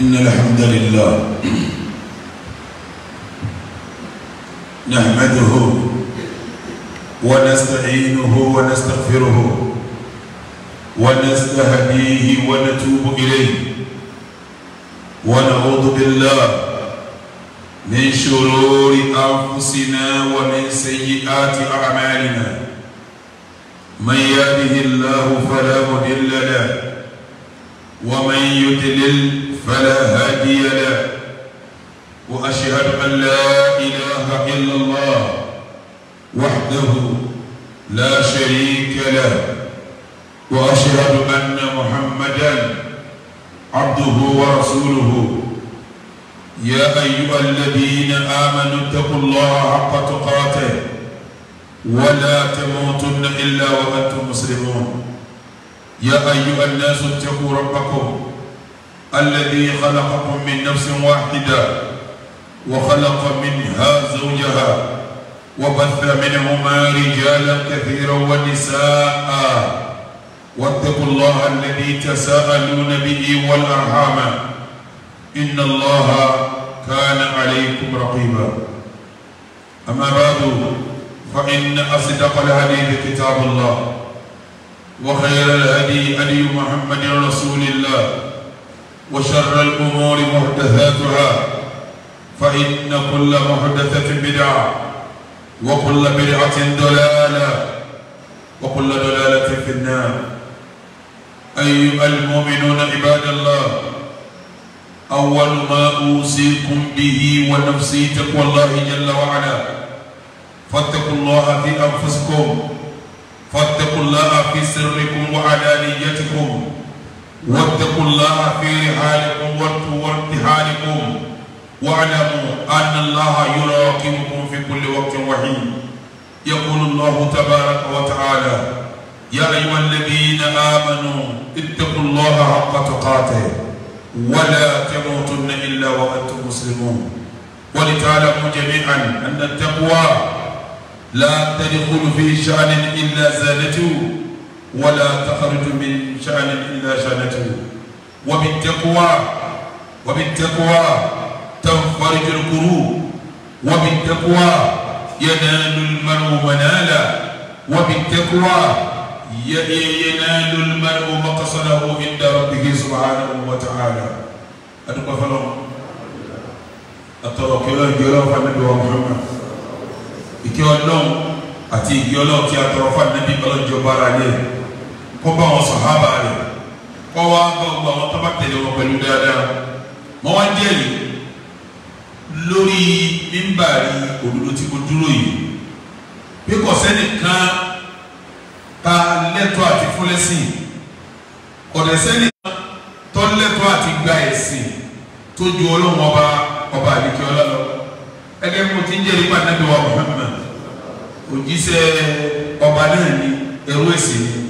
إن الحمد لله نحمده ونستعينه ونستغفره ونستهديه ونتوب إليه ونعوذ بالله من شرور أنفسنا ومن سيئات أعمالنا من يهده الله فلا مضل له ومن يضلل فلا هادي له وأشهد أن لا إله إلا الله وحده لا شريك له وأشهد أن محمدا عبده ورسوله يا أيها الذين آمنوا اتقوا الله حق تقاته ولا تموتن إلا وأنتم مسلمون يا أيها الناس اتقوا ربكم الذي خلقكم من نفس واحدة وخلق منها زوجها وبث منهما رجالا كثيرا ونساء واتقوا الله الذي تساءلون به والأرحام إن الله كان عليكم رقيبا أما بعد فإن أصدق الحديث كتاب الله وخير الهدي هدي محمد رسول الله وشر الأمور محدثاتها فإن كل محدثة بدعة وكل بدعة دلالة وكل دلالة في النار أيها المؤمنون عباد الله أول ما أوصيكم به ونفسي تقوى الله جل وعلا فاتقوا الله في أنفسكم فاتقوا الله في سركم وعلانيتكم واتقوا الله في رحالكم وارتحالكم واعلموا أن الله يراقبكم في كل وقت وحين يقول الله تبارك وتعالى يا أيها الذين آمنوا اتقوا الله حق تقاته ولا تموتن إلا وأنتم مسلمون ولتعلموا جميعا أن التقوى لا تدخل في شأن إلا زادته ولا تخرج من شأن إلا شأنته وبالتقوى وبالتقوى تنفرج الكروب وبالتقوى ينال المرء منالا وبالتقوى ينال المرء مقصده عند ربه سبحانه وتعالى أتقى فلهم أتوقع الجلال فالنبي محمد إكي الله àti ìgbé ọlọ́run tí a tọrọ fún ànábì ọlọ́jọba kó bá wọn sàhábà rẹ̀ kó wá bá gbogbo àwọn tó bá tẹ̀lé wọn pẹ̀lú dáadáa mọ wá jẹ́rìí lórí mímbàrí òdodo tí mo dúró yìí bí kò sẹ́nìkan ta lẹ́tọ́ àti fúnlẹ́sìn kò dẹ̀ sẹ́nìkan tọ́ lẹ́tọ́ àti gba ẹ̀sìn tó ju ọlọ́run ọba ọba àdìkẹ́ ọlá lọ ẹgbẹ́ mo ti ń jẹ́ nípa nàbẹ́wà Muhammad òjíṣẹ́ ọba náà ni ẹrú ẹ̀sìn ni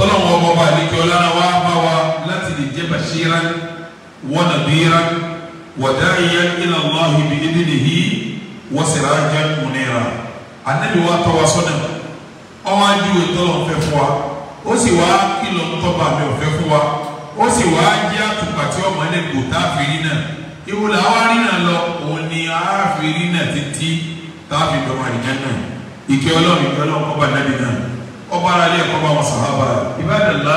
tọ́lọ́wọ́ ọmọ ọba àlejò ọlára wa bá wa láti lè jẹ́ bashiran wa nadiran wa da'iyan ila Allahi bi idnihi wa sirajan munira anabi wa tọ́ wa sọ́nà ọwọ́ adúlọ̀ tọ́lọ̀ ń fẹ́ fún wa ó sì wá kìlọ̀ ń tọ́ba mi ò fẹ́ fún wa ó sì wá jẹ́ àtùpà tí ọmọ ẹ̀ kò tá a fi rí náà ìwò làwọn rí náà lọ òun ni a fi rí náà títí tá a fi dọ̀mọ̀ àdìjẹ́ náà ìkẹ́ ọlọ́run ìkẹ́ ọlọ́run ọba bá ara lé ẹ̀kọ́ bá wọn sàhábà rẹ̀ ìbádàlá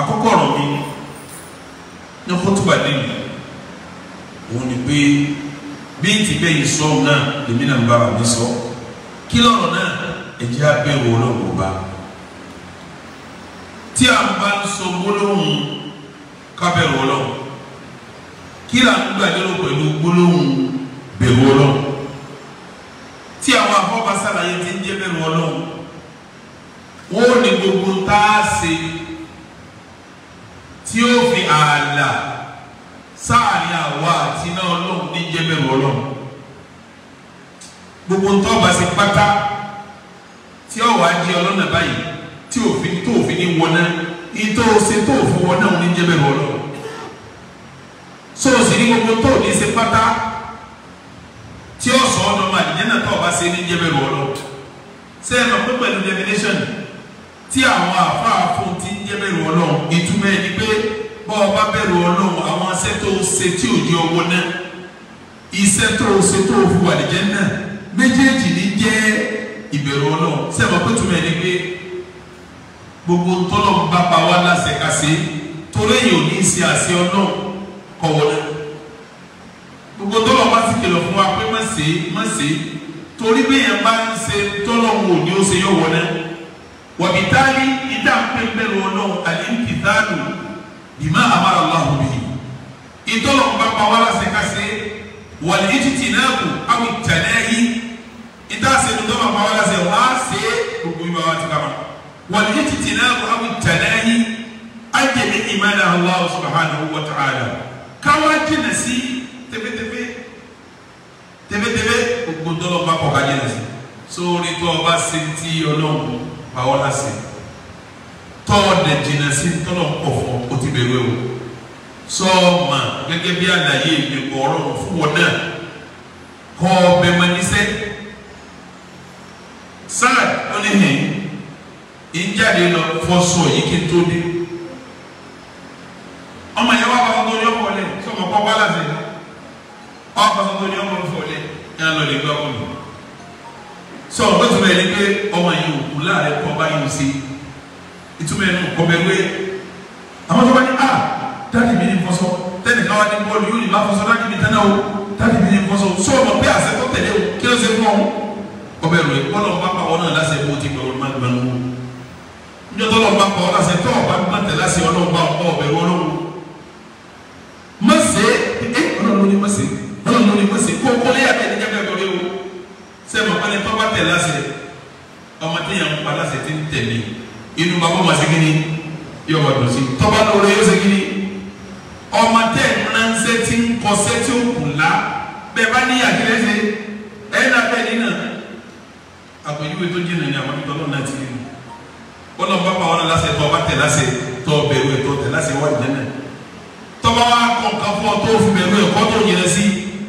àkọ́kọ́ ọ̀rọ̀ mi ní kótóbà lẹ́yìn òun ni pé bí ti bẹ́ẹ̀ yìí sọ́ọ̀ náà lèmi náà ń bá wa mi sọ kí lọ́rọ̀ náà ẹ̀jẹ̀ abẹ́wò ọlọ́wọ́ bá tí a bá ń sọ gbólóhùn kábẹ́wò ọlọ́wọ́ kí là ń gbàdúrà pẹ̀lú gbólóhùn bẹ̀wò tí àwọn afọba sàlàyé ti ń jẹ́ bẹ̀rù ọlọ́run wọn ò ní gbogbo tá a ṣe tí ó fi ààlà sáàrin àwa àti iná ọlọ́run ní jẹ́ bẹ̀rù ọlọ́run gbogbo tó ọba ṣe pátá tí ọwọ́ ajé ọlọ́nà báyìí tí òfin tó òfin ní wọná ìtò ṣe tó òfin wọná òun ní jẹ́ bẹ̀rù ọlọ́run sóòsì ní gbogbo tó ní ṣe pátá tí ó sọ ọdọ máa nìyẹn náà tó ọba ṣe ní jẹ́ bẹ̀rù ọlọ ṣé ẹ mọ̀ pé pẹ̀lú definition tí àwọn àfáàfún ti ń jẹ́ bẹ̀rù ọlọ ìtumọ̀ ẹni pé bọ́ ọba bẹ̀rù ọlọ àwọn iṣẹ́ tó ṣe tí ò jẹ́ owó náà iṣẹ́ tó ṣe tó fi wà lẹ́jẹ̀ náà méjèèjì ní jẹ́ ìbẹ̀rù ọlọ ṣé ẹ mọ̀ pé ìtumọ̀ ẹni pé gbogbo tọ́lọ̀ ń bá pa wá láṣẹ kàṣe torí èyí ò ní ṣe àṣẹ ọlọ́run kọ̀wọ́ náà gbogbo tó lọ́ọ́ bá sì kìlọ̀ fún wa pé má ṣe é má ṣe é torí bẹ́yẹn bá ń ṣe tọ́lọ́hún òní ó ṣe yọ̀ wọ́n náà wàbí táyé ìdá pẹ́ńpẹ́rù ọlọ́run àlẹ́ńkìtàdù bìmá àmàlà ọlọ́run bìí ìtọ́lọ̀ ń bá pawọ́ láti ká ṣe wàlẹ̀ ìtìtì náà kù àwọn ìtẹ̀lẹ́ yìí ìtàsí ìlú tó máa pawọ́ láti wá ṣe gbogbo ìgbà wa ti kama wàlẹ̀ ìtìtì náà kù àwọn ìtẹ̀lẹ́ yìí tẹ́fẹ́tẹ́fẹ́ gbogbo tọ́lọ̀ bá kọ̀ kájẹ́ lẹ̀ sí sórí tó ọba ṣe ti ọlọ́run pàwọ́ lásì tọ́ọ̀dẹ̀ jìnnà sí tọ́lọ̀ pọ̀ fún ọ ti bẹ̀rù ẹ̀ o sọ́ọ̀mà gẹ́gẹ́ bí àlàyé ìgbẹ̀kọ̀ ọlọ́run fún wọn náà kọ́ ọbẹ̀ máa níṣẹ́ sáà ó ní hìn ìjáde lọ fọ́ sọ yìí kí n tó dé. ọkọ fún mi ní ọmọ fọlẹ ní alọ lè gbọ ọmọ mi sọ o tún bẹ ní pé ọmọ yìí ò kú láàrẹ kọ bá yìí sí ìtumọ̀ ẹnu kọ bẹ wé àwọn tó bá ní a ah, dáàdì mi ní fọsọ tẹ́lẹ̀ káwá ní bọ́ọ̀lù yóò ní bá fọsọ dáàdì mi tẹ́lẹ̀ o dáàdì mi ní fọsọ sọ ọmọ pé àṣẹ tó tẹ̀lé o kí ló ṣe fún ọ ọbẹ̀ rẹ̀ kọ́lọ̀ bá pa wọn náà láṣẹ kó o ti gbẹ̀wò má gbẹ̀wò níjọ́tọ́ lọ́ọ́ bá pa wọn láṣẹ tọ́ ọ̀bá má tẹ̀ láṣẹ ọlọ́ọ̀bá ọ̀bẹ̀ wọ́n lọ́wọ́ má ṣe é ọlọ́run ló ní má ṣe é ọlọ́run ní mo sì kó kólé àtẹ̀lé jábẹ́ lórí o sẹ́mi ọ̀pẹ́lẹ́ tó bá tẹ̀ lásẹ̀ ọmọ tí yàn ń pa lásẹ̀ ti ń tẹ̀lé inú bàbá ọmọ sí kíni yóò wà dùn sí tọ́ba lóore yóò sí kíni ọmọ tẹ̀ ránṣẹ́ tí ń kọsẹ́ tí ó kù lá bẹ́ẹ̀ bá ní àkílẹ̀ ṣe ẹ̀yìn náà bẹ́ẹ̀ nínà àpèjúwe tó jìnnà ní àwọn ìgbọ́lọ́ náà ti rí mi wọ́n lọ bá pa wọn lásẹ̀ tó tẹ̀ lásẹ̀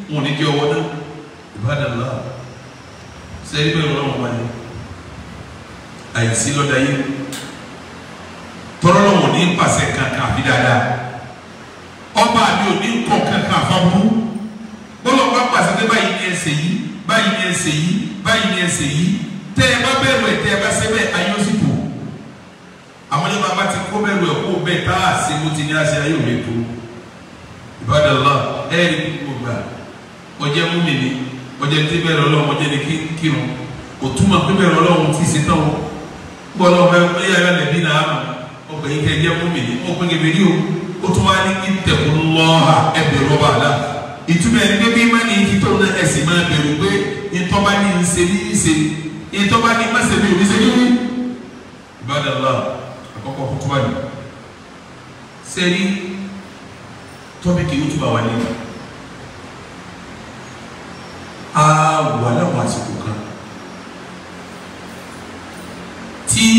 wọn ò ní jẹ́ ọwọ́ náà ìbádàlá sẹ́yìn bẹ́ẹ̀ lọ́wọ́ wọn ni àìsí lọ́dà yìí tọ́lọ́ wọn ní pàṣẹ kankan àbí dáadáa ọba àbí òní kọ̀ kankan àfọ́bù bọ́lá ọba pàṣẹ pé báyìí ní ẹsẹ̀ yìí báyìí ní ẹsẹ̀ yìí báyìí ní ẹsẹ̀ yìí tẹ́ ẹ bá bẹ̀rù ẹ̀ tẹ́ ẹ bá sẹ́bẹ̀ ayé ó kù àwọn yóò bá ti kó bẹ̀rù ẹ̀ kó bẹ́ẹ̀ tá a ṣe mo ti ní àṣẹ ayé òní tó ìbádàlá ẹ̀ẹ́dì gbogbo gbà ọjẹ múmìnì ọjẹ tí bẹ̀rẹ̀ Ọlọ́run ọjẹ ní kírun òtúmọ̀ pé bẹ̀rẹ̀ Ọlọ́run ti ṣe tán o gbọ́dọ̀ ọbẹ̀ ẹ̀yà rẹ̀ lẹ́bí náà mọ̀ ọbẹ̀ yìí kẹjẹ múmìnì ó pín kébé rí o ó tún wá ní kí tẹ̀kùn lọ́ọ̀hà ẹ bẹ̀rù ọba àlá ìtumọ̀ ẹni pé bí má ní kí tó ní ẹ̀sìn máa bẹ̀rù pé ìtọ́ba ní í ṣe ní í ṣe ìtọ́ba ní má ṣe bí ní ní. ìbádàlá àkọ́kọ́ kúkú wà ní sẹ́rí tọ́pìkì ó túbà wà nínú á wà láwọn àsìkò kan tí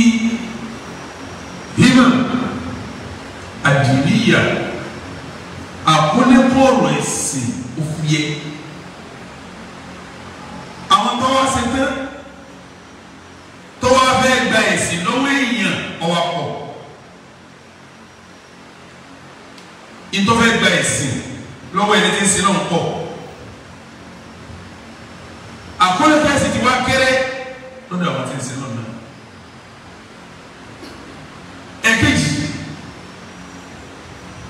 hímà àdìríyà àkólẹ́kọ̀ ọ̀rọ̀ ẹ̀sìn òfìyẹ àwọn tó wá sí tán tó wá fẹ́ gba ẹ̀sìn lọ́wọ́ èèyàn ọwọ́ pọ̀ ìtọ́fẹ́ gba ẹ̀sìn lọ́wọ́ ẹni náà pọ̀ àpọ́lẹ́tẹ́ sì ti wá kéré lọ́dọ̀ àwọn tí ń sin lọ́nà. ẹ̀kejì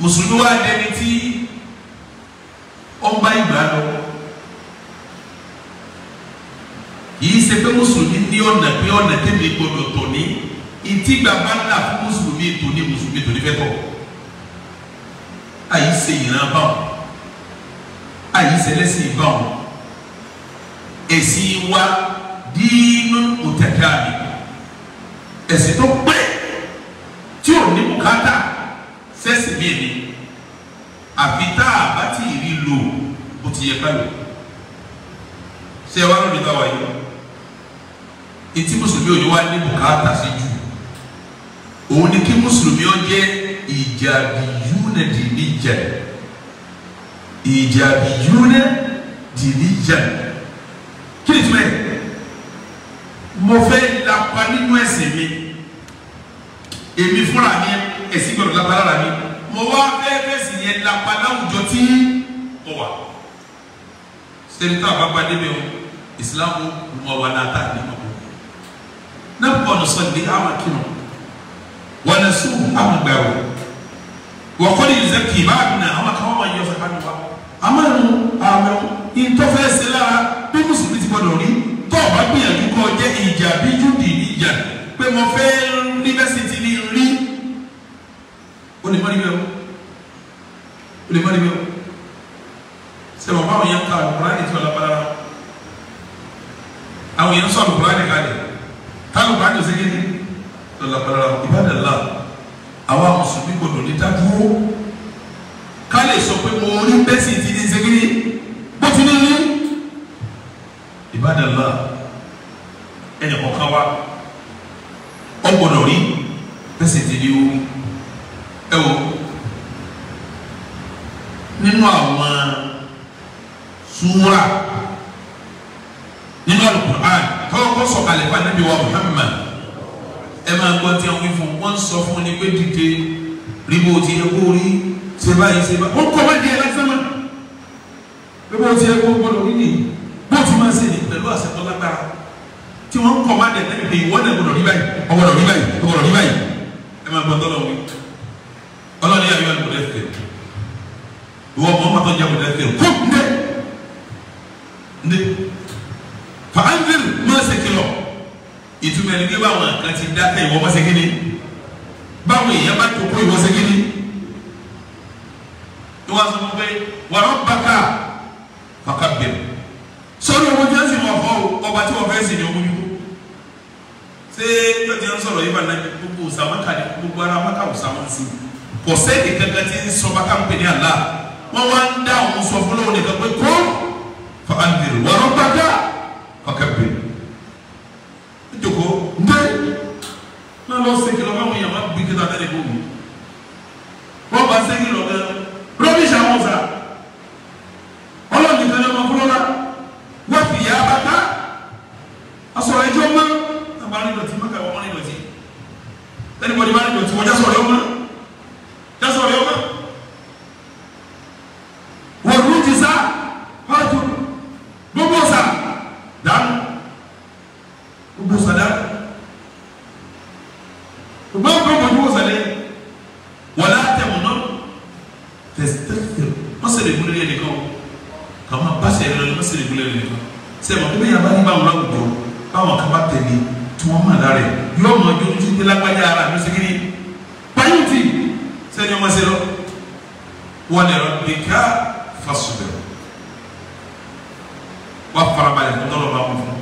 mùsùlùmí wa dẹni tí ó ń bá ìgbà lọ yìí ṣe pé mùsùlùmí ní ọ̀nà pé ọ̀nà tẹ̀lé gbọdọ̀ tò ní ìtì gbàgbà ńlá fún mùsùlùmí tò ní mùsùlùmí tò ní fẹ́ tọ̀ àyíṣe ìran báwọn àyíṣe lẹ́sìn báwọn esi wa diinu mutadaani esi tó pé tí o ní bùkátà sẹ́sì mi ni àfi tá a bá ti rí lò bó ti yẹ ká lò ṣé wàá lóde bá wà etí mùsùlùmí òní wá ní bùkátà sí jù òun ni kí mùsùlùmí ó jẹ ìjàbí yúnẹ dì níjà ìjàbí yúnẹ dì níjà kí ni tìmẹ̀ mo fẹ́ lapa nínú ẹ̀sìn mi èmi fúnra mi ẹ̀sìn gbọdọ̀ lapa la mi mo wá fẹ́ fẹ́sìn yẹn lapa láwùjọ tí mo wà sẹ́ni tá a bá gba débẹ̀ o ìsìlámù mọ̀ wà láta nínú o náà pọ̀ ní sọ́ndé àwọn akínú wọn ní sùn àwọn gbẹ̀wò wọ́n kọ́ ní ìzẹ́ kì í bá àbínà àwọn akáwọ́ máa yọ ọ̀fẹ́ bá nù wá àmọ́ ẹ̀rù àmọ́ ìtọ́fẹ́ sílára bí mùsùlùmí gbọ́dọ̀ rí tó o bá gbìyànjú kọ́ ọ jẹ́ ìjà bíjú dì níjà pé mo fẹ́ yunifásitì ni rí o lè má rí bẹ́ẹ̀ o lè má rí bẹ́ẹ̀ sẹ́wọ̀n báwọn yẹn ń ka àlùkùrá ní tiwọn lábalára àwọn yẹn ń sọ àlùkùrá ní kalẹ̀ kálùkùrá ní ọ̀sẹ̀ kéde lọ́lábalára ìbádàlá àwa mùsùlùmí kò lò ní dábúrò ká lè sọ pé mo rí bẹ́sì ti ní bó ti ní rí ìbádàlá ẹnì kọ̀ọ̀kan wa ọ gbọ́dọ̀ rí pẹ́sẹ̀ ti di ooru ẹ wo nínú àwọn súnmúra nínú alukur'an káwọn kó sọ̀kalẹ̀ fún anabi wa Muhammad ẹ máa gbọ́ tí wọ́n fún wọ́n sọ fún ni pé dìde ríbo ti yẹ kó rí ṣe báyìí ṣe báyìí wọ́n kọ́ bá di ẹ lásán mọ́ ríbo ti yẹ kó gbọ́dọ̀ rí ni bó ti máa ṣe ni pẹ̀lú àṣẹ tó lágbára tí wọ́n ń kọ̀ máa dẹ̀ lẹ́yìn pé ìwọ́n náà gbọ́dọ̀ rí báyìí ọgbọ́dọ̀ rí báyìí ọgbọ́dọ̀ rí báyìí ẹ máa gbọ́dọ̀ lọ́wọ́ ọlọ́ni yà yọ àlùkò lẹ́sẹ̀ ìwọ ọmọ ọmọ tó jẹ́ àlùkò lẹ́sẹ̀ kó ndé ndé fa anzir máa ṣe kìlọ̀ ìtumọ̀ ẹni pé báwọn kan ti dákẹ́ ìwọ ọmọ ṣe kíni báwọn èèyàn bá tó kó ìwọ ṣe kíni ìwọ àṣọ wọn pé wàrọ̀ bàkà ọba tí wọ́n fẹ́ sìn ní ọmọ yìí ṣé yóò ti ń sọ̀rọ̀ yìí bá nàbí gbogbo ọ̀sàmà kàdé gbogbo ara wọn ká ọ̀sàmà sí i kò sẹ́ẹ̀dì kankan tí ń sọ bàtà ń pè ní àlá wọ́n wá ń dá òun sọ fún lọ́wọ́ nìkan pé kó fàkàndìrì wọ́n rọ́gbà dá fàkàbẹ̀ ńjòkó ńdẹ́ náà lọ sẹ́kìlọ́ báwọn yàrá gbé kíta tẹ́lẹ̀ kó wọ́n bá sẹ́kìlọ́ náà. rẹ̀ fún tọ́lọ̀ bá wọn fún.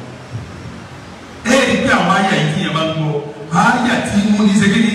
ẹ ẹ ní pé àwọn àyà yìí yẹn bá ń gbọ́ àyà tí mo ní segin ní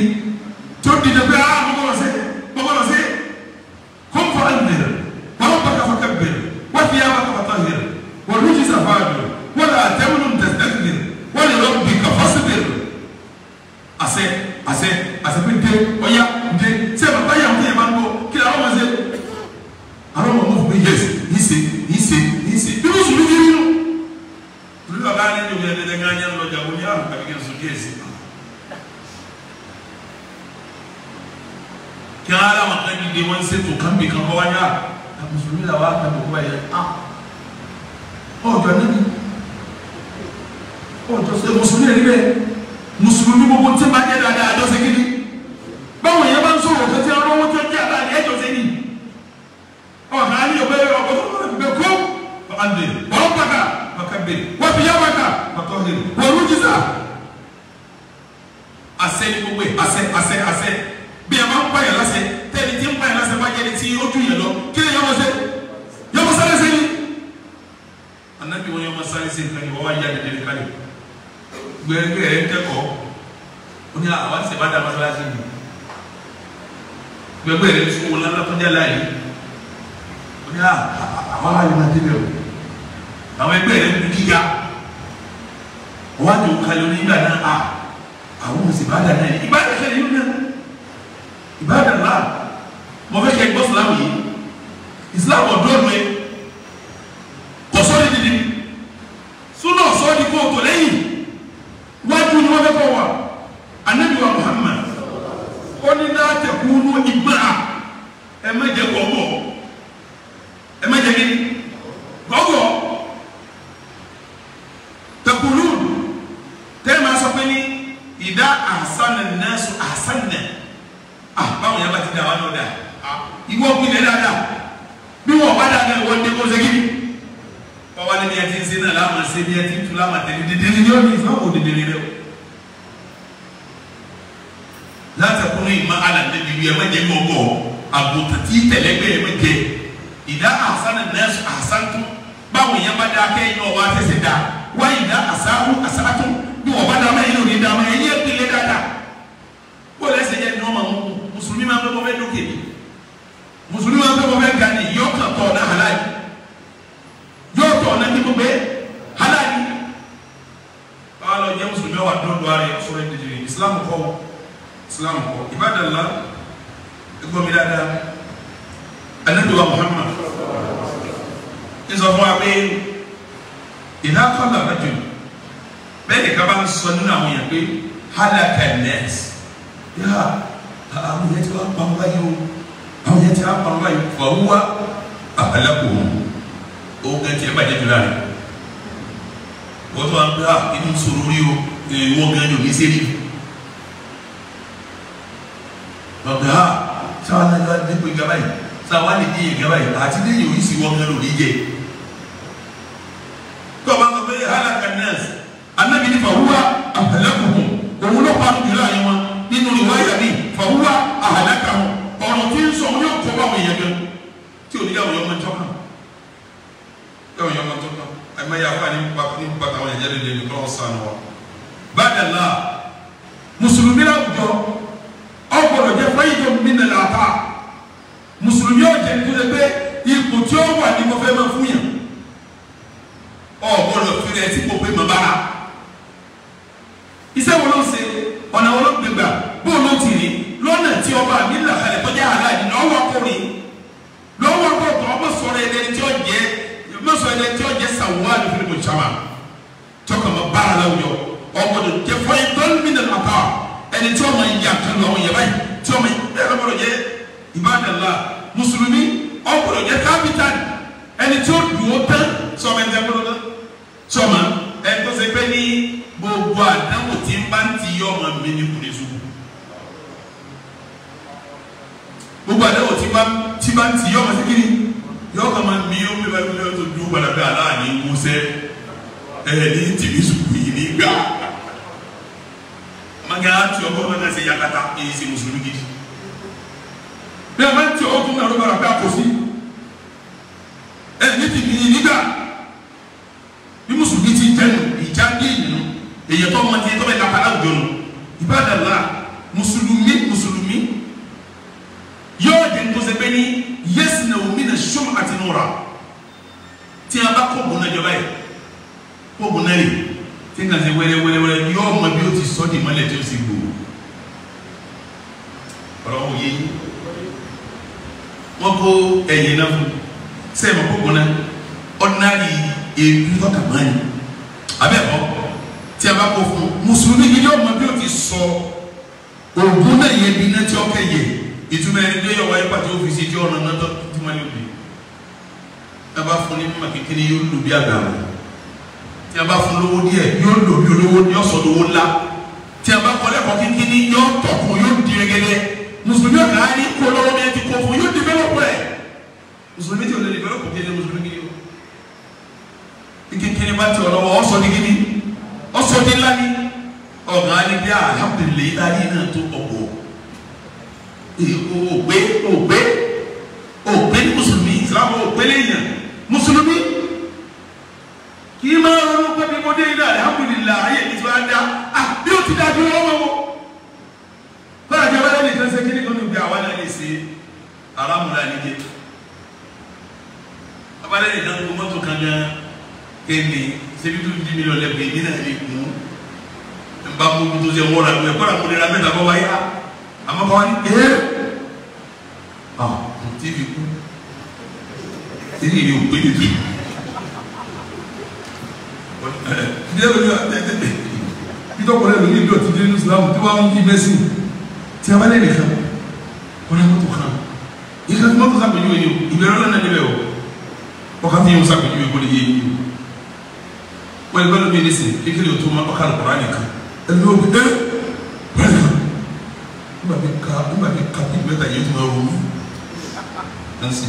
ọmọ ntọ́ka ẹ̀wọ̀n yẹn ọmọ ntọ́ka ẹ̀ máa yẹ afa ní nípa ní nípa táwọn ẹ̀yẹ́ lélẹ̀ ní kọ́lọ́ sàn wọ́n. báyìí la mùsùlùmí àwùjọ ọgbọ̀dọ̀ jẹ́ fáyidọ̀ mi nà láta mùsùlùmí ọ̀jẹ̀ tó lè pé ipò tí ó wà ní kọfẹ́ máa fún yàn ọgbọ̀dọ̀ fi rẹ̀ sí kópe mọ̀ bára iṣẹ́ wo ló ń ṣe ọ̀nà wo ló ń gbégbà bó ló ti rí lọ́nà tí ọba mi là kalẹ̀ tọ́jà àlàyé náà wà kórè ẹni tí ó jẹ sàwọn àdúgbò ní mọ̀tsama tí ó kà máa bára láwùjọ ọmọ tó jẹ fọyín tọ́lú mi nà lọ́tà ẹni tí ó máa ń yà kan lọ ọmọ yẹn báyìí tí ó máa ń yẹ ẹ̀rọ bọ̀dọ̀ jẹ ìbádàlá mùsùlùmí ọ̀bọ̀dọ̀ jẹ kápítàn ẹni tí ó dùn ó tán tí ọmọ ẹni tẹ́ bọ́dọ̀ náà tí ọmọ ẹni tó ṣe pé ní gbogbo àdánwò tí ń bá ń ti yọ ọmọ mi ní kùnì sùn gbogbo àdánwò tí ń bá ń ti yọ ọmọ sí kiri yọ kama mi o mi ba mi o to du wala bẹ ala ni musẹ ẹẹ ni tìmí suku yi ni gba mangẹ a tiyọ kọ nana se yakata eyi se musulumi gidi bẹ a ma tiyọ o kun na do bara bẹ a kosi ẹẹ ni tìmí yi ni gba ni musulumi ti jẹ nu ìjà bí nínú èyí tó ma ti tó bẹ ka pala òjò nu ìbádàlá musulumi musulumi yóò di nkosẹbẹ ni yasina omi na sọm àti nura tí a bá kó bùnà jọba yẹ kó bùnà yẹ tí nà se wẹrẹ wẹrẹ wẹrẹ yọ ọmọ bí o ti sọ di malẹ tí o sì gbòò ọlọ́wọ́ yé wọn kó ẹ̀yìn náà fún sẹ́yìn kó bùnà ọ̀nàlì èdú tọ́kàmánì abẹ́kọ̀ tí a bá kó fún mùsùlùmí yìí yọ ọmọ o ti sọ ògùn náà yẹ bí náà tí ọkẹ́ yẹ ìtumọ̀ ẹni tó yọ wáyé pàtó òfìsì tí ọ̀nà náà tó túmọ̀ ní òbí tí a bá fún ní mímọ̀ kékeré yóò lò bí àgbà wọn tí a bá fún lówó díẹ̀ yóò lò bí olówó ní ọ̀sọ̀ lówó ńlá tí a bá kọ́ kékeré yóò tọ̀kùn yóò di gẹ́gẹ́ mùsùlùmí ọ̀gá ní kó lọ́wọ́ mi ti kó fún yóò develop rẹ̀ mùsùlùmí tí o lè develop kí ẹni mùsùlùmí kiri o kékeré bá ti ọ̀lọ́wọ́ ọ̀sọ̀ ògbé ògbé ògbé ní mùsùlùmí ìsìlámù ògbé lẹ́yìn mùsùlùmí kì í máa ronú pé bí mo dé iná alihamudulila ayé mi ti wá dá a ah, bí o ti dá bí wọ́n wọ́n fẹ́rẹ̀ jẹ́ wẹ́rẹ́ nìkan ṣe kí nìkan níbi àwọn náà lè ṣe aramula níjẹ abalẹ̀ nìkan kó mọ́tò kan gan kéèmí ṣebí tó di mílíọ̀nù lẹ́gbẹ̀ẹ́ nínú àlè kún n bá mú tó ṣe wọ́n ra mẹ́kọ́ra mú nira mẹ́ta bọ́ wáyé àmọ́ bá wọn ní ẹ́ àwọn ah, tí mi kú tí mi ò gbé nìyí ìdílé mi ò tẹ́tẹ́ ìdọ́kọ̀ọ́ lẹ́nu ní ìlú ọ̀tún nínú Islam tí wọ́n ń yí mẹ́sìn tí a bá lè nìkan wọ́n ní mọ́tò kan ìka tí mọ́tò sàpèjúwe ni ìbẹ̀rẹ̀ ọ̀nà níbẹ̀ o ọkà tí yóò sàpèjúwe kó lè yé yìí wọ́n ní bẹ́ẹ̀ ló bí ní sè é kékeré o tó ma ọkà lọ́kọ̀ọ́ nígbà tí ka nígbà tí ka kú mẹ́ta yìí tún bá wù mí ẹnsi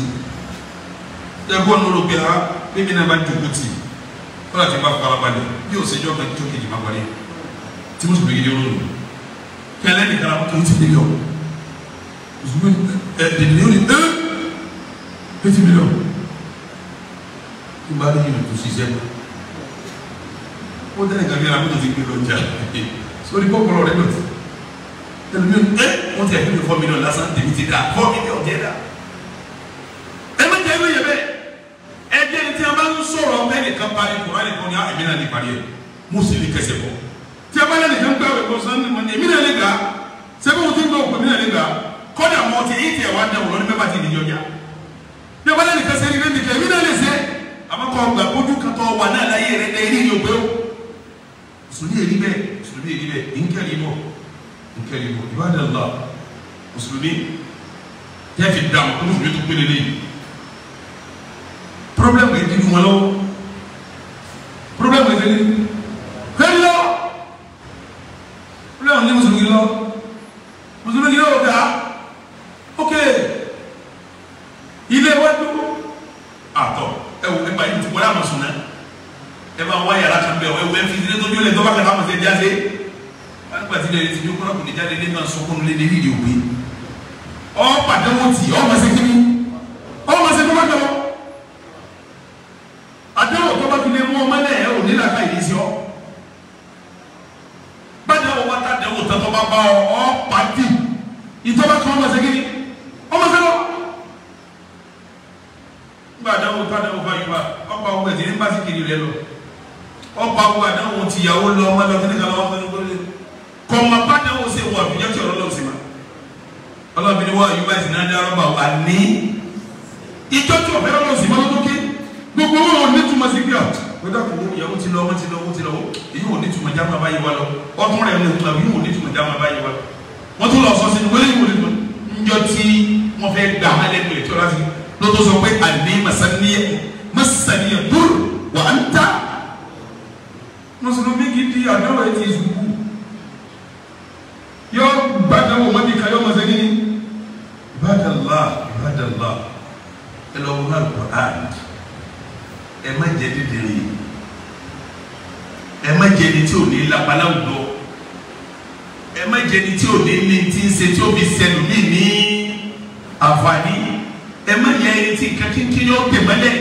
ẹgbọn ní olùgbé ha bíbí náà bá dùkú tì kọ́lá tí bá fara balẹ̀ bí o ṣèjọ́ bá tó kejì má balẹ̀ tí mo sì bẹ̀rẹ̀ yóò lò kẹlẹ́ ní kala tó ti mílíọ̀ ẹ dèdè yóò ní ẹ pété mílíọ̀ n bá dé yìí tó ṣiṣẹ́ ó dẹ́rẹ̀ gàmí ara kó tó ti gbé lọ jà sórí kọ́kọ́rọ́ rẹ̀ lọ́tì ẹlòmíì ẹ wọn ti ẹgbẹ́ mi four million lásán tèmi ti dà four million jẹ́ dà ẹ má jẹ́ ẹgbẹ́ yẹn bẹ́ẹ̀ ẹ jẹ́ ní tí a bá ń sọ̀rọ̀ mẹ́nìkan parí kùránì kan ní àmì ah, náà ní parí ẹ̀ mo sì ní kẹsẹ̀ bọ̀ tí a bá lẹ́nu kan gbà wẹ̀ kọ̀ọ̀sán ní wọn èmi náà lè gbà sẹ́fẹ̀ wọn ti gbà òkú mi náà lè gbà kọ́dà mọ́ ti yí tiẹ̀ wá dáwọ̀ lọ́dún mẹ́fà ti di yọjá bí a bá lẹ́nu kẹsẹ̀ ní lẹ́nu kẹsẹ̀ èmi náà lè sẹ́ àmọ́kọ́ gbà kójú kàtọ́ wà náà láyé rẹ̀ lẹ́yìn ní ìyókù nkẹlẹ̀wò ìbádẹ́lá mùsùlùmí tẹ́ẹ̀fì dàmù tó mùsùlùmí tó pélé lẹ́yìn pírọ́blẹ́mù yìí dídùn wọn lọ́wọ́ sukun lé ní ìdí òbí wọ́n tún rẹ̀ nù tàbí wò ní tùmù dáhùn abáyé wa wọ́n tún lọ sọ sí wọlé wò ní tùmù njọ tí wọ́n fẹ́ gbà á lẹ́nu ètò ọ̀la sí ló tó sọ pé àdé masaniya masaniya dúró wà á ń ta mùsùlùmí gidi àdáwò ẹ̀ ti zùkú yọ gbàdáwò wọn bí kayọ́ masani ibadala ibadala ẹ lọ wọn alukọ ààrẹ ẹ má jẹ dídìrín ẹ má jẹ ẹni tí ò ní lápá láwùjọ ẹ má jẹ ẹni tí ò ní ní ti ń ṣe tí ó fi sẹlùmí ní àǹfààní ẹ má yẹ ẹni tí nǹkan yóò tẹ̀ mọ́lẹ̀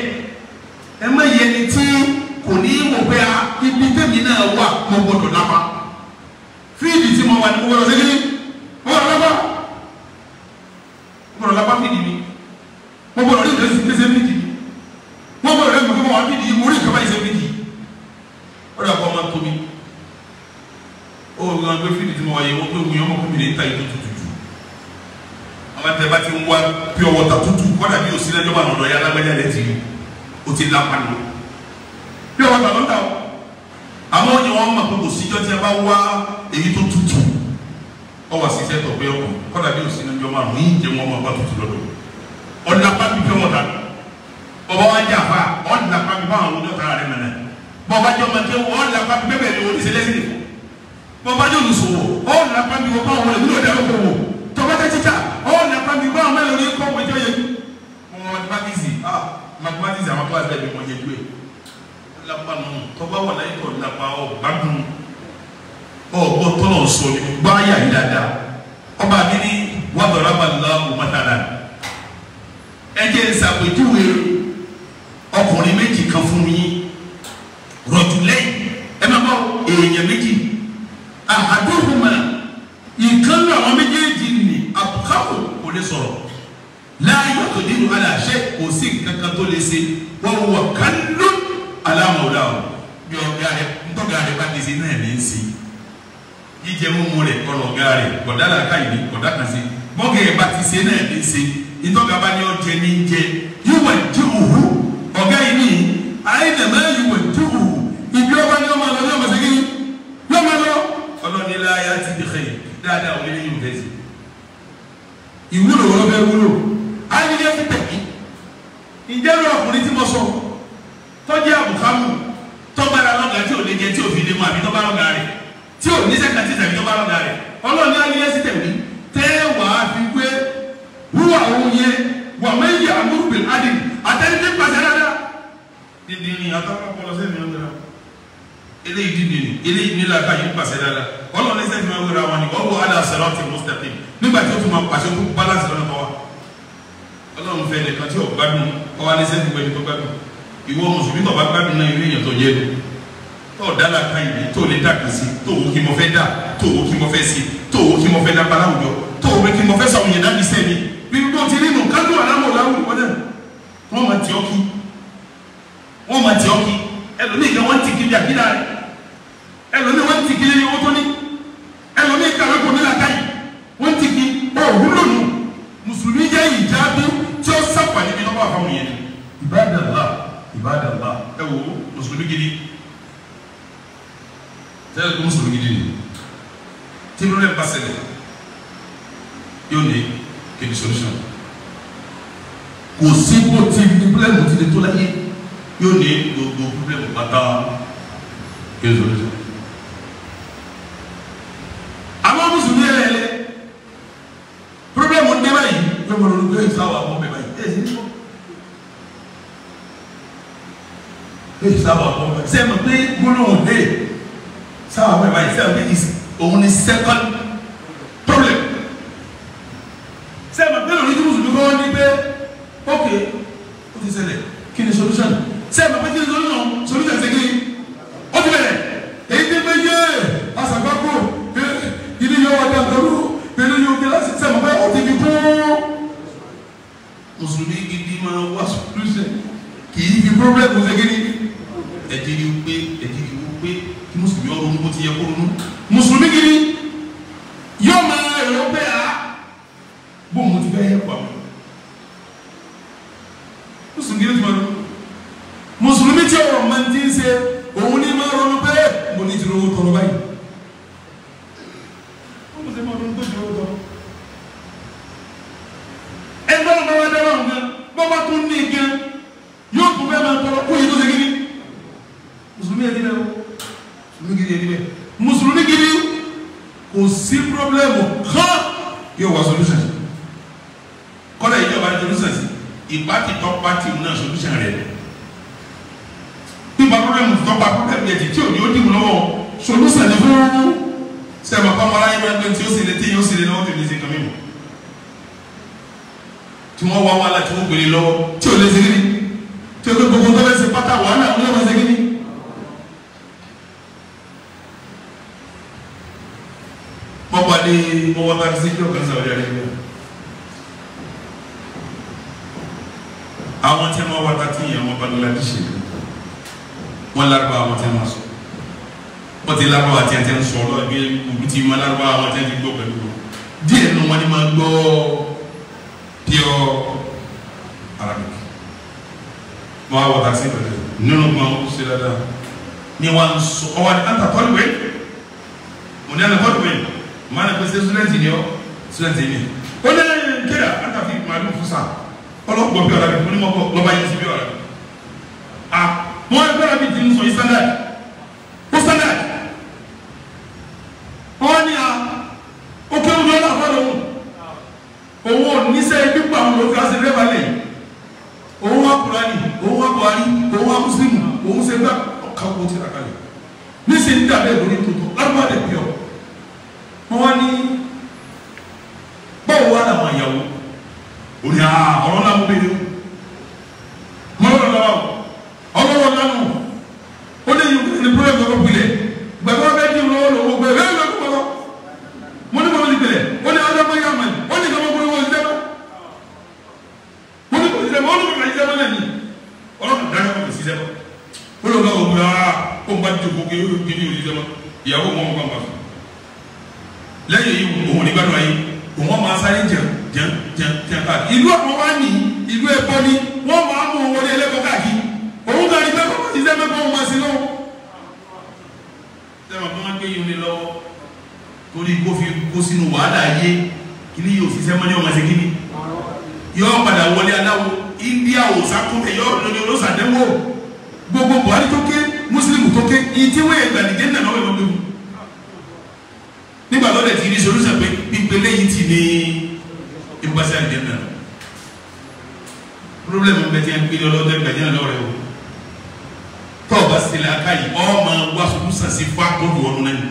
ẹ má yẹ ẹni tí kò ní í pé a ah, ibi tẹ̀mí náà wà mo gbọdọ̀ lápá fíìdì tí mo wà ní mo gbọdọ̀ sí kíní mo gbọdọ̀ lápá mo gbọdọ̀ lápá fíìdì mi mo gbọdọ̀ ní ìjọsìn tẹ́sẹ̀ fíìdì mi. ó ràn pé fídì tí mo wáyé wọ́n pé wúyọ́ ọmọkùnrin ní ta ètò tutù jù àwọn àti ẹ̀ bá ti ń wá pure water tutù kọ́dà bí òsì lẹ́jọ́ bá lọ́dọ̀ ya lágbájá lẹ́tì ó ti lápá nù pure water ló ń ta o àmọ́ ni wọ́n mọ̀ pé kò síjọ́ tí ẹ bá wá èyí tó tutù ọ wà sí sẹ́tọ̀ pé ọkọ̀ kọ́dà bí òsì lẹ́jọ́ bá lọ́dọ̀ yìí jẹ́ wọn máa bá tutù lọ́dọ̀ ọ̀nà pàbí pure water bọ́bá wá jẹ́ bọ́bá jẹ́ olùsòwò ọ̀ nàpá mi wọ́n bá wọn èmi ò dẹ́rù kò wò tọ́gbà tẹ́ títsà ọ̀ nàpá mi bá wọn lórí kọ́ wọn jọ yẹ. mathematics ah mathematics àwọn akọ́ àgbẹ̀ mi wọ́n yẹ dúró lápá nù tọ́gbà wà láyé tọ̀ lápá ọ̀ gbádùn ọ̀ gbọ́ tọ́lọ̀ sọ ni gbá yà yí dáadáa ọba mi ní wàdọ̀rọ̀ abalá òmàtàlá ẹ jẹ́ ìsàpèjúwe ọkùnrin méjì ahaduhuma ìkan náà àwọn méjèèjì ni àbùkáwò kò lè sọ̀rọ̀ láàyè tó nínú aláṣẹ kò sí nǹkan kan tó lè ṣe wọn wọ kánú aláwọ̀dà o bí ọ̀gá rẹ ntọ́gá rẹ bá ti ṣe náà ní í ṣe jíjẹ mímu rẹ kọlọ̀ ọ̀gá rẹ kọ̀dá làákà yìí kọ̀dá kan ṣe bọ́gẹ̀ ẹ̀ bá ti ṣe náà ní í ṣe ntọ́gá bá ní ọ̀jẹ̀ ní í jẹ yíwọ̀ jẹ́ òhù ọ̀gá yìí ní ayé dàmẹ́ yíwọ̀ dáadáa òun ní yunifásitì ìwúlò wọn bẹ wúlò ayẹyẹ fi tẹ̀kí ǹjẹ́ ló ọkùnrin tí mo sọ tọ́jú àbùkámù tọ́gbára lọ́gà tí ò lè jẹ tí ò fi lè mọ àbí tọ́gbára lọ́gà rẹ̀ tí ò ní sẹ́kà tí tàbí tọ́gbára lọ́gà rẹ̀ ọlọ́ọ̀ni ayẹyẹ fi tẹ̀kí tẹ́wàá fi gbé wúwà òun yẹ wà mẹ́yẹ àmúrúbìn adìrì àtẹ́lẹ́dẹ́gbàsẹ́ dáadáa dídì ni àtàkùn ọpọlọ sẹ́mi ọ̀gbẹ́ra eléyìí di nìyí eléyìí nílò àbá yìí pàṣẹ dáadáa ọlọ́run ní sẹ́yìn máa wúra wọn ni wọ́n wọ alẹ́ àṣẹrọ ti mustaqim nígbà tí ó tún máa pàṣẹ kó balance lọ́nà kọ́ wa ọlọ́run fẹ́ nìkan tí ọba dùn kọ́ wa ní sẹ́yìn wẹ̀ ní kọ́ gbàgbọ́ ìwọ mùsùlùmí bàbá gbàgbọ́ náà ìlú èèyàn tó yẹ lu tó o dára kan yìí tó o lè dà kùsì tó o kí mo fẹ́ dà tó o kí mo fẹ́ sí tó o kí mo fẹ́ dà bala àwùjọ tó o kí mo fẹ́ sàwọn yẹn dábì sẹ́mi bí o ti nínú kájú àlámọ̀ làwùjọ wọn dẹ̀ wọ́n máa ti ọ́ kí wọ́n máa ti ọ́ kí ẹlòmíì kan wọ́n ti kiri àbí dáa ẹlòmíì wọ́n ti kiri owó tó ní ẹlòmíì kàwé kò ní làkàyè wọ́n ti kí ọ̀hún lónìí mùsùlùmí jẹ́ ìjáde tí ó sáfà níbi lọ́wọ́ àfọwọ́ yẹn ìbádàlá ìbádàlá ẹ wò mùsùlùmí gidi tẹ́lẹ̀ kó mùsùlùmí gidi ni tí ló lẹ́ bá ṣẹlẹ̀ yóò ní kéde solution kò sí bó ti ní pílẹ̀mù ti di tó láyé yóò ní gbogbo pílẹ̀mù pátá kéde solution. méjì sábà ọkọ sẹ́mi pé gbólóhùn dé sábà bẹ́ẹ̀ sẹ́mi pé òun ni second tí wọ́n gbélé lọ́wọ́ tí ò lè ṣe kíni tí o pé gbogbo tó fẹ́ ṣe pátá wàhálà ń lọ́wọ́ ṣe kíni. mo pàdé mo wá parí sí kí ọkàn sàwọ́dí àwọn tí wọ́n wá tàtí yẹn wọ́n Bangladesh wọ́n lárúbá àwọn tí wọ́n sọ wọ́n ti lárúbá àti àti ń sọ̀rọ̀ ẹgbẹ́ òbí tí wọ́n lárúbá àwọn tí wọ́n gbọ́ pẹ̀lú díẹ̀ nù wọ́n ni máa gbọ́ pure Arabic mo wá wọ taxi pẹ̀lú nínú mo ṣe dáadáa ní wa ń sọ ọ wà ní anta tọ́lùwẹ̀ mo ní anta tọ́lùwẹ̀ mo máa ń pèsè student ni ọ student ni ó ní kéda anta fi màálù fún sa ọlọ́gbọ̀n bí Arabic mo ní mo gbọ́ lọ́ba yẹn sí bí Arabic ah mo wá ní bí Arabic ti ń sọ yìí standard. tẹ́wọ̀n kí wọ́n gbé yìí ní lọ́wọ́ torí kó fi kó sínú wàhálà ayé kí ni yóò fi sẹ́mọ́ ní ọmọ sí kíni yóò padà wọlé aláwo India ò sákúnbẹ̀ yóò lórí olóṣàdẹ́wò gbogbo Buhari tó ké Muslim tó ké ìdíwé ìgbàlejò náà lọ́wọ́ ìlú gbẹ̀mú nígbà lọ́dẹ̀ tí ní solúsà pé pípé lẹ́yìn tì ní ìgbàsẹ̀ àgbẹ̀ náà problem bẹ̀ tí a ń pè lọ́dẹ̀ gbàjẹ́ náà lọ́rẹ̀ o ọba sẹlẹ aka yìí ọmọ wa sọdúnsàsì fún akọlù ọdún náà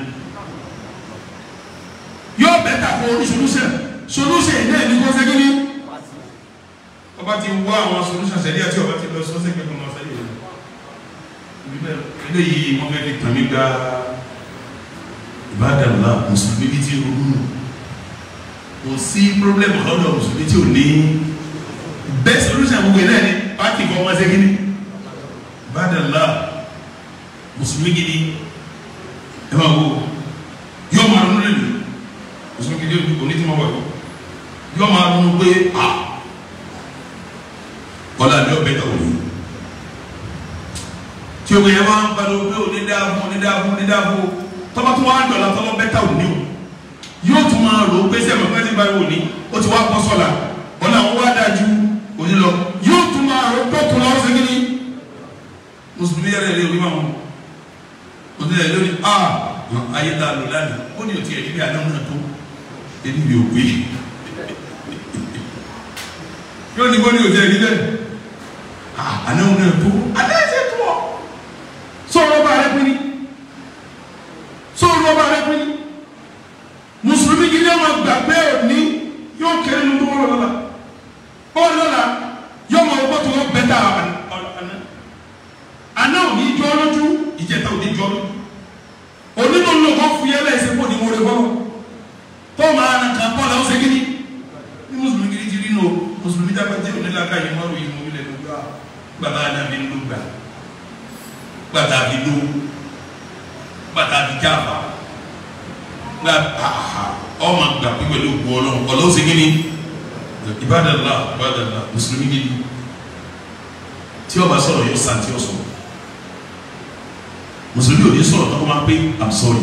yóò bẹ ta fún oní sọdúnsẹ sọdúnsẹ yìí náà ní kó fẹ kíni ọba ti wá àwọn sọdúnsàsẹ díẹ̀ tí ọba ti lọ sọsẹ kẹkọọ náà fẹ yìí eléyìí wọn fẹẹ fi tàmí gba ìbádàlá mùsùlùmí bíi ti rúbùnù kò sí pírọ́blẹ́mù lọ́dọ̀ mùsùlùmí tí ò ní best solution gbogbo ẹ̀ náà ni pàtì fọmọ ṣe kí ni ìbádàlá mùsùlùmí gidi ẹ bá wò yóò máa ronú lẹ́nu mùsùlùmí gidi onítìmọ̀ wọ̀ yóò máa ronú pé a ọ̀la ni ọbẹ̀ dà wọ̀nyí tí o yẹ wọn bá lóore onídàáfó onídàáfó onídàáfó tọ́mọ́tò wọn á dọ̀la tọ́lọ́ bẹ́tà òní o yóò tún máa rò ó pé sẹ́mi ọ̀gá ti báyìí òní ó ti wá pọ̀ sọ̀la ọ̀la wọn wá dáa ju òní lọ yóò tún máa rò ó pọ̀ tó lọ́wọ́ sẹ́kìnì mùsùlùmí yẹrẹ yẹrẹ ìwé máa wọn onílẹ̀ lórí a ah, ayé tá a lò lánàá ó ní òtí ẹ̀rí bí àná náà tó ẹni bí òwe yóò ní bó ní òtí ẹ̀rí bẹ́ẹ̀ ah, àná náà tó àná ẹ̀sẹ̀ tó ọ sọ̀rọ̀ ọba rẹ pinni sọ̀rọ̀ ọba rẹ pinni mùsùlùmí gidi ọmọ gbàgbé òní yóò kéré nu bọ́ọ̀lù lọ́la bọ́ọ̀lù lọ́la yóò mọ ọgbọ́n tó wọ́n bẹ́ẹ̀ dá àná àná òní jọ́ lójú ìjẹta òní jọ́ lójú. ìwọ ọlọ́run ọlọ́run ṣe kíni ìbádàlá ìbádàlá mùsùlùmí gidi tí ọba sọ̀rọ̀ yóò sàn tí ó sọ̀rọ̀ mùsùlùmí ò ní sọ̀rọ̀ tó máa pé i'm sorry.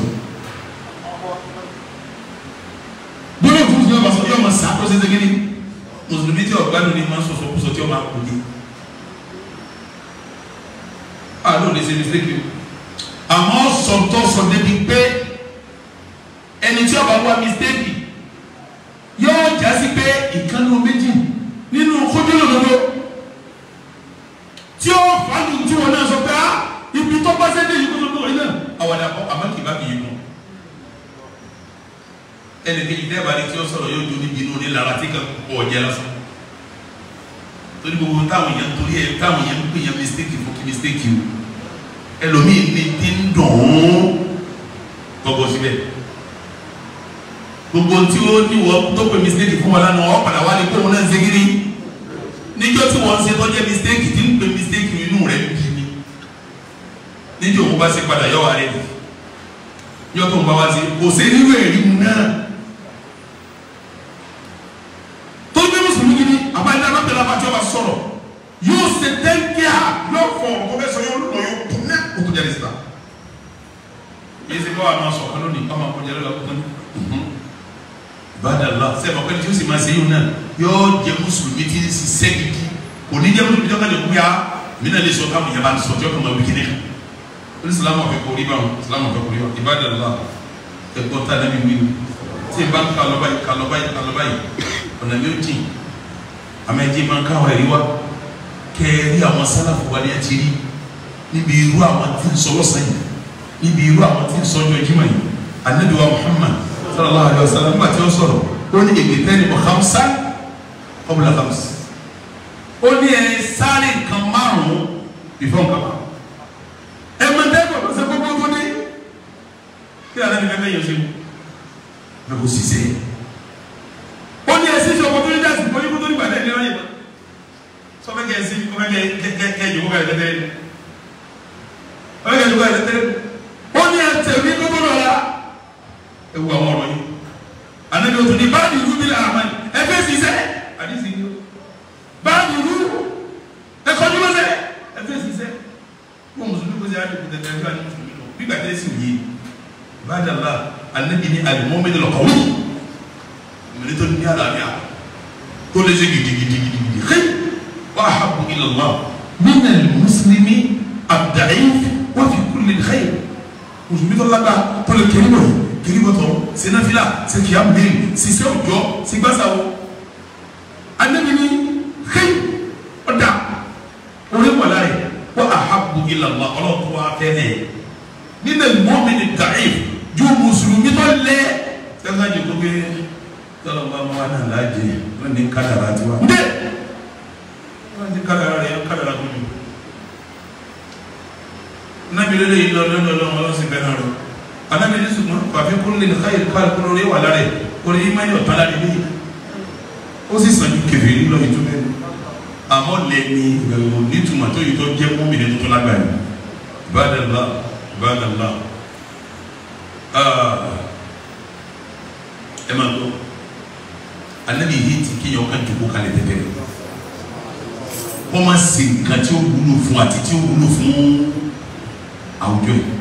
gbọ́dọ̀ fún mi ọba sọ̀rọ̀ yóò máa sàn àkọsí ṣe kíni mùsùlùmí tí ọba lóni máa sọ̀sọ̀ kúsọ̀ tí ó máa kú ni. àlọ́ lè ṣe mistake o àmọ́ sọ̀tọ̀ sọ̀ débi pé ẹni tí ọba wá mistake làwọn àti kan wọ ọjẹ lásán torí gbogbo táwọn èèyàn torí ẹ táwọn èèyàn ń pè yẹn mistake fún kí mistake o ẹlòmíì ní ti ń dùn ún gbogbo síbẹ̀ gbogbo tí ó ní wọ́n tó pè mistake fún wọn lánàá wọ́n padà wá ní kó wọn náà ń segiri níjọ́ tí wọ́n ń ṣe tọ́jẹ́ mistake tí ń pè mistake inú rẹ̀ ń bí ni níjọ́ òun bá ṣe padà yọ̀ wá rẹ̀ níjọ́ tó ń bá wá ṣe kò sí nínú ẹ̀rí náà. yìí ṣe kó àwọn aṣọ kan lónìí kó àwọn akọjá lọ́la kọ́kọ́ ìbádàlá mhm. sẹ́mi ọ̀pẹ́ tí ó sì máa ṣe yóò náà yóò jẹ́ mùsùlùmí tí ń ṣiṣẹ́ kìkì kò ní jẹ́ mùsùlùmí tí ó kàn lè kú ya mí náà lè sọ káwọn yẹn bá ń sọ tí ó kàn máa wí kíní kan ó ní sàlámù ọ̀fẹ́ kò rí bá wọn sàlámù ọ̀fẹ́ kò rí bá wọn ìbádàlá ẹ̀gbọ́n tá a dábì wí ni tí n bá ń ka lọ báyìí ka lọ báyìí ka lọ báyìí ká àwọn ibi irú àwọn tí ń sọjọ́ ìjímọ̀ yìí anabi wa muhammad sallallahu alayhi wa sallam nígbà tí ó sọ̀rọ̀ ó ní èdè tẹ́lẹ̀ mọ̀ hamsa ọ̀bùnà hamsa ó ní ẹ sáré nǹkan márùn-ún ìfọ̀ nǹkan márùn-ún ẹ mọ̀ dẹ́gbọ̀n lọ́sẹ̀ tó dé kí ni anabi fẹ́ fẹ́ yẹ ṣe kò sì ṣe lágbà tó lè kéré mọ̀ kéré mọ̀ tọ̀ ṣe náfìlà ṣe kìá mìíràn ṣiṣẹ́ òjọ́ ṣe gbàṣà o. anabi ni hei ọ̀dà orí wàlá rẹ̀ wọ́n ahabu ilàlá ọlọ́tún wa fẹ́lẹ̀ nínú mọ́mìnì dàíf ju mùsùlùmí tó lẹ́ sẹ́ńtà jẹ́ kó gbé tọ́lọ̀ bá wà náà láàjẹ́ wọ́n ní kádàrà tiwa. ǹdẹ́ wọ́n ti kádàrà rẹ̀ kádàrà tó ju nábìlélẹ́yìn lọ́dọ́dọ́dọ́ ọlọ́sìn bẹ́ẹ̀ náà rẹ̀ anabi ní sùgbọ́n bàfi kúrò lè nìkan yìí kúrò kúrò lè wà lára ẹ̀ kò ní ìmọ̀ yọ̀ tán lára ẹ̀ ó sì sàn ju kẹfì rí lọ ìtumẹ̀ àmọ́ lẹ́ni ìgbẹ̀wò nítumọ̀ tó yìí tó jẹ́ mọ́mì ní tuntun lágbàá yìí ìbádàlá ìbádàlá ẹ máa gbọ́ anabi yìí ti kéèyàn ká jòkó kalẹ̀ tẹ́tẹ́ wọ́n máa ṣe nǹkan tí ó wúlò fún àti tí ó wúlò fún àwùjọ yìí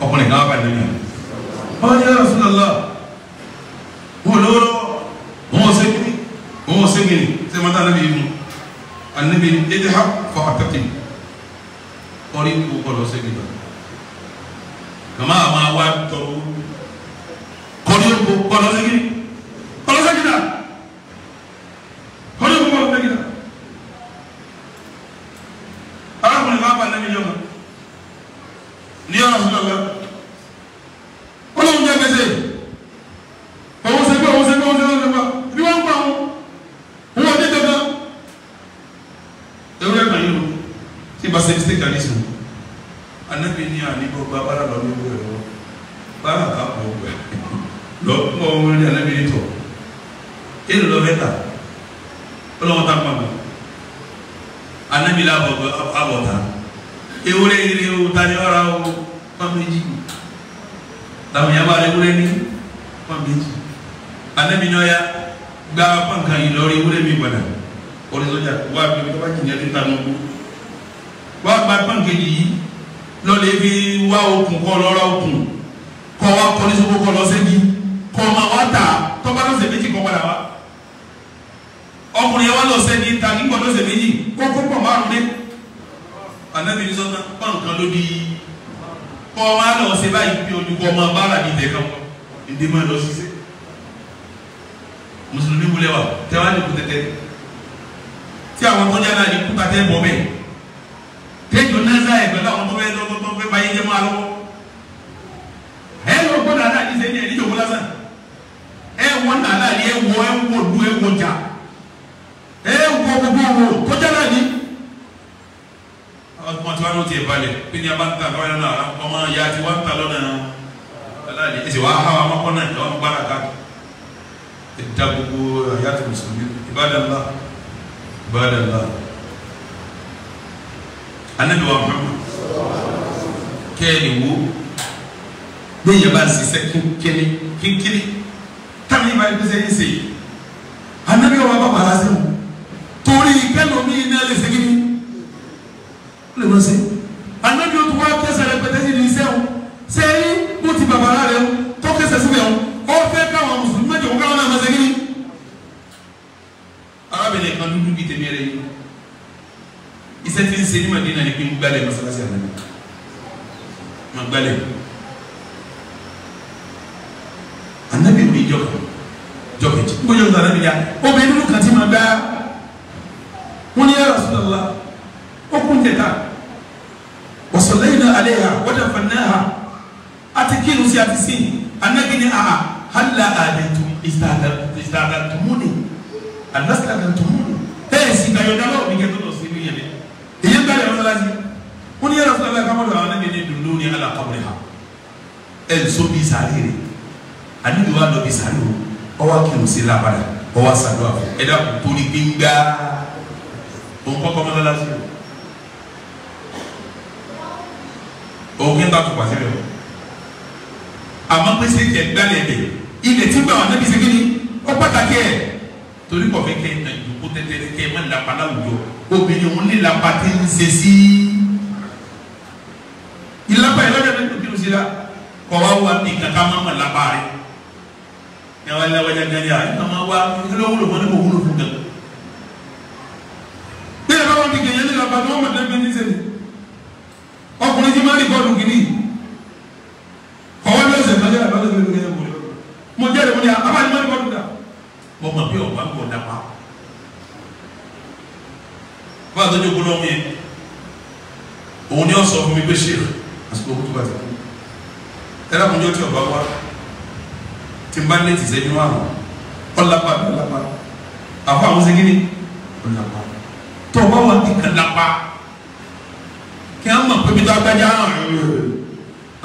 ọkùnrin kan wá pàdé mi wọ́n ní Rasulullah wọ́n lówó lọ́wọ́ wọ́n ṣe kiri wọ́n ṣe kiri ṣe máa dáná bíi mu anabi ẹdí ha fọ àtàtì ọrí kó gbọ́dọ̀ ṣe kiri kàmá àwọn awa tọrọ kọ́ni kó gbọ́dọ̀ ṣe kiri kọ́dọ̀ ṣe kiri náà. okùn kọ́ lọ́ra okùn kọ́ wa kọ́ lẹ́sọ̀kọ́ kọ́ lọ sẹ́gi kọ́ ma wá ta tọ́ba lọ́sẹ̀ méjì kọ́ padà wá ọkùnrin yẹn wá lọ sẹ́gi ta nígbà lọ́sẹ̀ méjì kọ́ kó pọ̀ márùn dé anabi ní sọ́nà pọ́n kan ló di kọ́ wa lọ sẹ́ báyìí bí olùkọ́ ma bá ara mi tẹ̀ kàn wọ́n ìdè máa lọ sísẹ́ mùsùlùmí wulẹ̀ wa tẹ́wọ́n ní kùtẹ́tẹ́ tí àwọn tó jáde àdìkú kàtẹ́ bọ̀ bẹ́ẹ̀ tẹ́jọ́ náà sáyẹ̀ pẹ̀lú àwọn tó fẹ́ tó fẹ́ báyé jẹ́ máa lọ́wọ́ ẹ wọ nàlá yìí sẹ ẹ ní ẹni jòkó lásán ẹ wọ nàlá yìí ẹ wọ ẹ wọ du ẹ wọ jà ẹ wọ gbogbo wọ kọjá náà ni. ọmọ tí wọn ti ẹ balẹ̀ pé ní abáńtà káwọn yẹn náà ọmọ ya ti wọn ta lọ́nà aláàlẹ ẹsẹ wàá há wọn kọ́ náà ìjọba gbára ká ìdá gbogbo àyàtò mùsùlùmí ìbádàlá ìbádàlá anabi wa muhammad kẹ́ẹ̀ ni wo bẹ́ẹ̀ bá sisẹ́ kékeré kékeré tàbí ìbá ẹgbẹ́ sẹ́yìn sèyí anabi wa bá bàrà sí mu torí kẹ́lò mi iná lè segin ní lè wọ́n sẹ́ anabi otu wa kẹsẹ̀ rẹ pẹ̀tẹ́ sí ní sẹ́wọ̀n sẹ́yìn mo ti bàbàrà rẹ o tó kẹsẹ̀ sí bẹ̀rù o fẹ́ káwọn mùsùlùmí mẹ́jọ kó káwọn náà ma segin ní. arábìnrin kan dúdú bíi tèmi rẹ yìí iṣẹ́ tí ń ṣe ní Madina ni pé ń gbálẹ̀ masalasi àná mi ń anabi mi jọ jọ kejì n bójú ọdún anabi ya obìnrin nínú kàtí máa gbá wọn ni ya Rasulullah ó kún tẹta wa sallayna alayha wa dafannaha àti kírun sí àti sìn anabi ni àhà hàlà àdètò ìsàdàtùmúni àdàsàdàtùmúni bẹ́ẹ̀ sì gbàyọ̀ dáná mi kẹ́tọ́ lọ sí ìlú yẹn èyí gbàyọ̀ ọ̀dọ́ láti wọn ni ya Rasulullah káwọn lọ àwọn anabi ni dundun ni ala kọ́bùrẹ́ ha ẹ̀ nsọ́ bí sáré àdúgbò wa lọ bí sàlù ọwọ́ kìlọ̀ sí lápadà ọwọ́ sàlù àfọ ẹ dàpọ̀ torí gbígbá òun kọ́kọ́ mọ́ lọ́la sí o òun kí n bá tó pàṣẹ rẹ o àmọ́ pèsè jẹ gbálẹ̀ dẹ ilẹ̀ tí gbà wọn níbi sẹ́kìnì ó pàtàkì ẹ̀ torí kọ̀ọ̀fẹ́ kẹ́ ẹ̀ nàìjú kó tẹ́tẹ́rẹ́ kẹ́ ẹ̀ má lápá láwùjọ obìnrin òun ní lápá tí ń ṣe sí ìlápá ìlọ́jọ́ tó kí n ṣe la kọ̀ wá wá ní kankan má má rẹ̀ ní àwọn ẹlẹ́wọ̀n jẹ́ gẹ́gẹ́ àyè náà máa wá ilé wúlò wọn ní kò wúlò fún gan. bí ẹ̀rọ wọn ti gẹ̀yẹ́ nílò àbájọ wọn mọ̀tẹ́ bí ní sẹ́ni ọkùnrin tí máa ń rí bọ́ọ̀lù gidi ọwọ́ lọ́sẹ̀ lọ́jọ́ àbájọ mi ní ẹ̀wọ̀n mo jẹ́ ìwọ̀n ni àbájọ máa ń rí bọ́ọ̀lù mo mọ̀ bí ọ̀gbá kò dá pa. bá a tọ́jú gbọ́dọ̀ ni ó sọ fún mi pé ṣe àsìkò kútu bàtà ẹ̀rọ àkùnjọ́ tí ọ̀gbá wá tí n bá lé tìṣẹ́ nínú àwọn ọ̀làpá bí ọ̀làpá àfọ àwọn segin ni ọ̀làpá tó o bá wà ní kàlápá kí á mọ̀ pé bí tó agbájá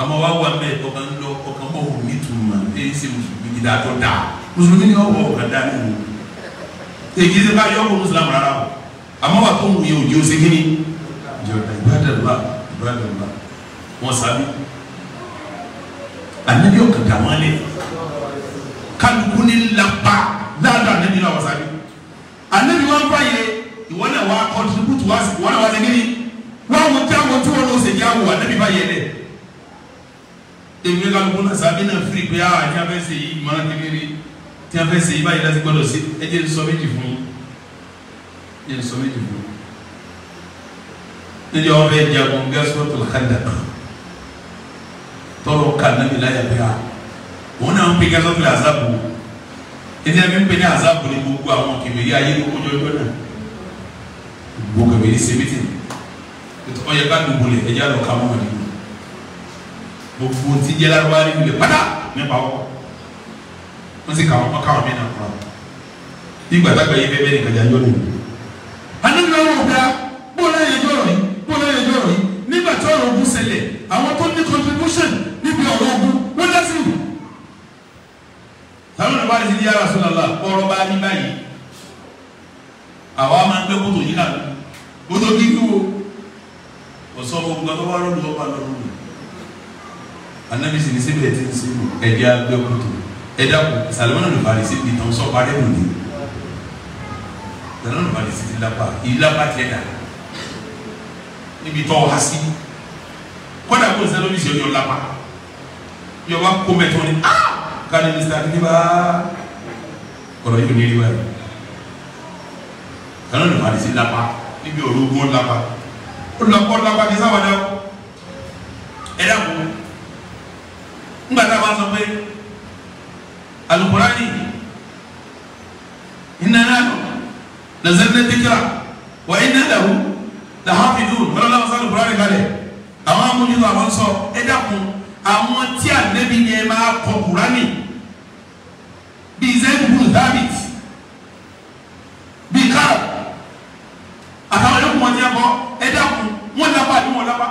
àmọ́ wa wà mẹ́ ọkàn lọ ọkàn bọ̀ wò ní tuma ẹ̀ ṣe mùsùlùmí ní dáa tó dáa mùsùlùmí ni ọwọ́ ọ̀kan dáa ní wò èyí ṣe bá yọ ọkọ̀ mùsùlùmí rárá o àmọ́ wà tó ń wù yẹ òjì ó segin ni ìbádàlá ìbádàlá wọn sábẹ́ ànábì ọ̀kan dà kálukú ní lápá dáadáa níbi náà wọ́n sábẹ́ àníbi wọn bá yẹ ìwọ náà wà kọ́ntribútù wá sí ìwọ náà wà sí kíni wọn àwọn tí àwọn tí wọn lọ sí ìyàwó àníbi bá yẹ dẹ èmi kálukú náà sábẹ́ náà firi pé àwọn ah, àti afẹ́sẹ̀ yìí mọ́ kékeré tí afẹ́sẹ̀ yìí báyìí láti gbọ́dọ̀ sí ẹ jẹ́ sọ méjì fún yín jẹ́ sọ méjì fún yín níbi àwọn bẹ́ẹ̀ jagun gẹ́sọ́tò kàdà tọ́lọ̀ kàdà mi láyà bẹ́ẹ̀ òun náà ń pe gẹ́sọ́pì àzábò ẹni ẹni ń pe ní àzábò ní gbogbo àwọn kèmèrè ayé ló kójọ ọjọ́ náà gbogbo kèmèrè ṣe mí tìǹ ọyẹ ká dùbò lẹ ẹjẹ àlọ ká mọ́mọ́ nínú gbogbo ti jẹ́ lárúbá nínú lẹ pátá nípa ọkọ̀ wọ́n sì káwọn ọkọ̀ àwọn mìíràn kọ́ nígbà tágbà yìí bẹ́ẹ̀ bẹ́ẹ̀ nìkan jà yọ̀ọ́ nìyí. anílò ọ̀rọ̀ ọ̀gá bóòlù ẹ̀yẹ jọ̀rọ̀ yìí bóòlù ẹ̀yẹ jọ̀rọ̀ yìí nígbà tí ọ̀rọ̀ ogun ṣẹlẹ̀ àwọn tó ní contribution níbi ọ̀rọ̀ dá sí sàmì ní wàá di yàrá sọlọlá kọrọ bá ní báyìí àwa máa ń gbé kótó yìí náà kótó kíkú o ọsọ fún gbàtọ wà lọrùn lọpàá lọrùn lọ anabi sì ní síbi ẹtí ní síbi ẹdí agbẹ kótó ẹdí àpò sàlẹmọnà ló parí síbi ìtàn sọ parí ẹnu ni sàlẹmọnà ló parí síbi lápá ìlápá tiẹ dà níbi tọ́ ha sí kọ́dà kó nsàlẹ́ omi sì ọ̀yọ́ lápá yọ wá kó mẹ́tọ́ ni áá. Ah! kani mistakdiba kọ̀rọ̀ yìí ò ní rí báyìí kanu ni màdìsí lápá níbi òrùngún lápá ó lọ́pọ̀ lápá kí sáwọn ẹ̀dá ẹ̀dá kù ńgbà tá a máa sọ pé alukurani ìnana nazẹ́lẹ́ dìkìrà wà ìnana làwọn fi dùn wọn lọ́wọ́ sọ alukurani kalẹ̀ àwọn amúnyìnbó àwọn sọ ẹ̀dá kù àwọn tí ànábì yẹn máa kọ kúránì bíi zebul david bíi káà àtàwọn yòókù wọn ti yàgbọ́ ẹ dákun wọn lápá àbí wọn lápá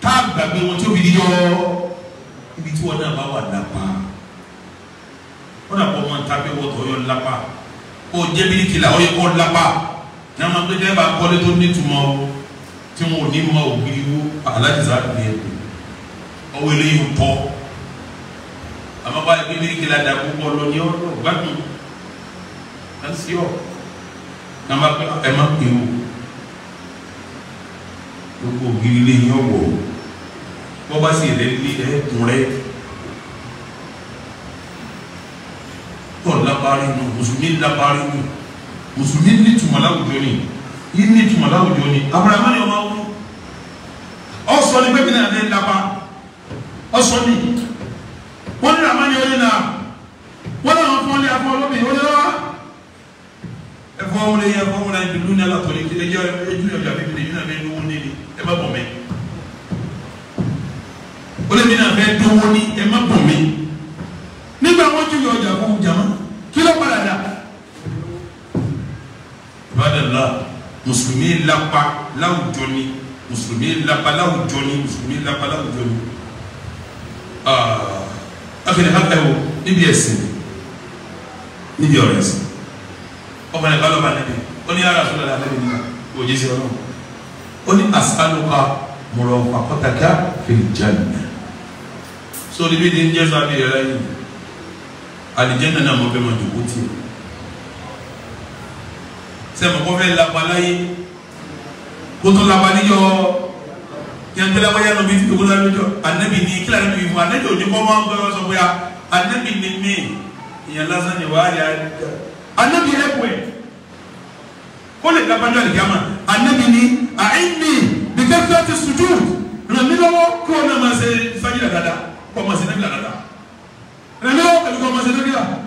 tá a gbàgbé wọn tó fi di yọ ibi tí wọn náà bá wà lápá wọn náà bọ wọn tàbí wọn tó yọ lápá ó jẹ bíríkì la ó yẹ kó lápá ní àwọn akéde bá kọ́lé tó nítumọ̀ tí wọn ò ní mọ ògiri wo alájọsá nìyẹn ọwọ́ eléyìí ń bọ́ àmọ́ bá bíbélì kìlá dà púpọ̀ lọ ní ọ̀rọ̀ gbádùn láti ọ̀ náà má pé ẹ má pè ó gbogbo ògiri léyìn ọ̀wọ̀ bọ́ bá sì rẹ̀ lé ẹ̀ẹ́dùn rẹ̀ tọ̀ lábárí nù mùsùlùmí lábárí nù mùsùlùmí ní tùmọ̀ láwùjọ ni yìí ní tùmọ̀ láwùjọ ni abúlé amáyọ̀ máa wú ọ̀ sọ ní pé bí náà lè lábá ọsọ ni wọn ní àmà ni oyè náà wọn náà fún ọlẹ afọ ọlọmọ ìwé wa ẹfọ wọn lè yẹ ẹfọ wọn náà dundun náà látọ lẹkẹ ẹjọ ẹjú ẹjọ àbíbi lẹyìn náà bẹ dúró nílé ẹ má bọ mẹ wọn lè mi náà bẹ dúró ní ẹ má bọ mẹ nígbà wọn tún yọ ọjà fún jama kí ló padà dà ìbádàlá mùsùlùmí lápá láwùjọ ni mùsùlùmí lápá láwùjọ ni mùsùlùmí lápá láwùjọ ni afei ne ha ɛwɔ níbi ɛsìn níbi ɔrɛ ɛsìn ɔmɔ ne balɔba ne bi ɔni ara so lɛ ne bi nina ɔdze si ɔlɔ ɔni asaluka mɔlɔnfa kɔtaka fili jaabi so níbi ni njɛ so abi yɛrɛ yi alijɛ nana mɔ bɛ ma dogo tiɛ sɛ mɔgɔ bɛ labalaya ye kótó labaliyɔ yankila ma yàlla bi dugu la jɔ anabi ni kila ni bi fɔ anabi o ni kɔma kɔma sɔn ko ya anabi ni mi yàlla san ye yà anabi yɛrɛ koyi ko le ka banjɔ de kama anabi ni a ye mi bi ka fɛn ti sutu nka mi lɔbɔ ko na ma se sanji la ka da ko ma se ne bila ka da nka mi lɔbɔ ko ma se ne bila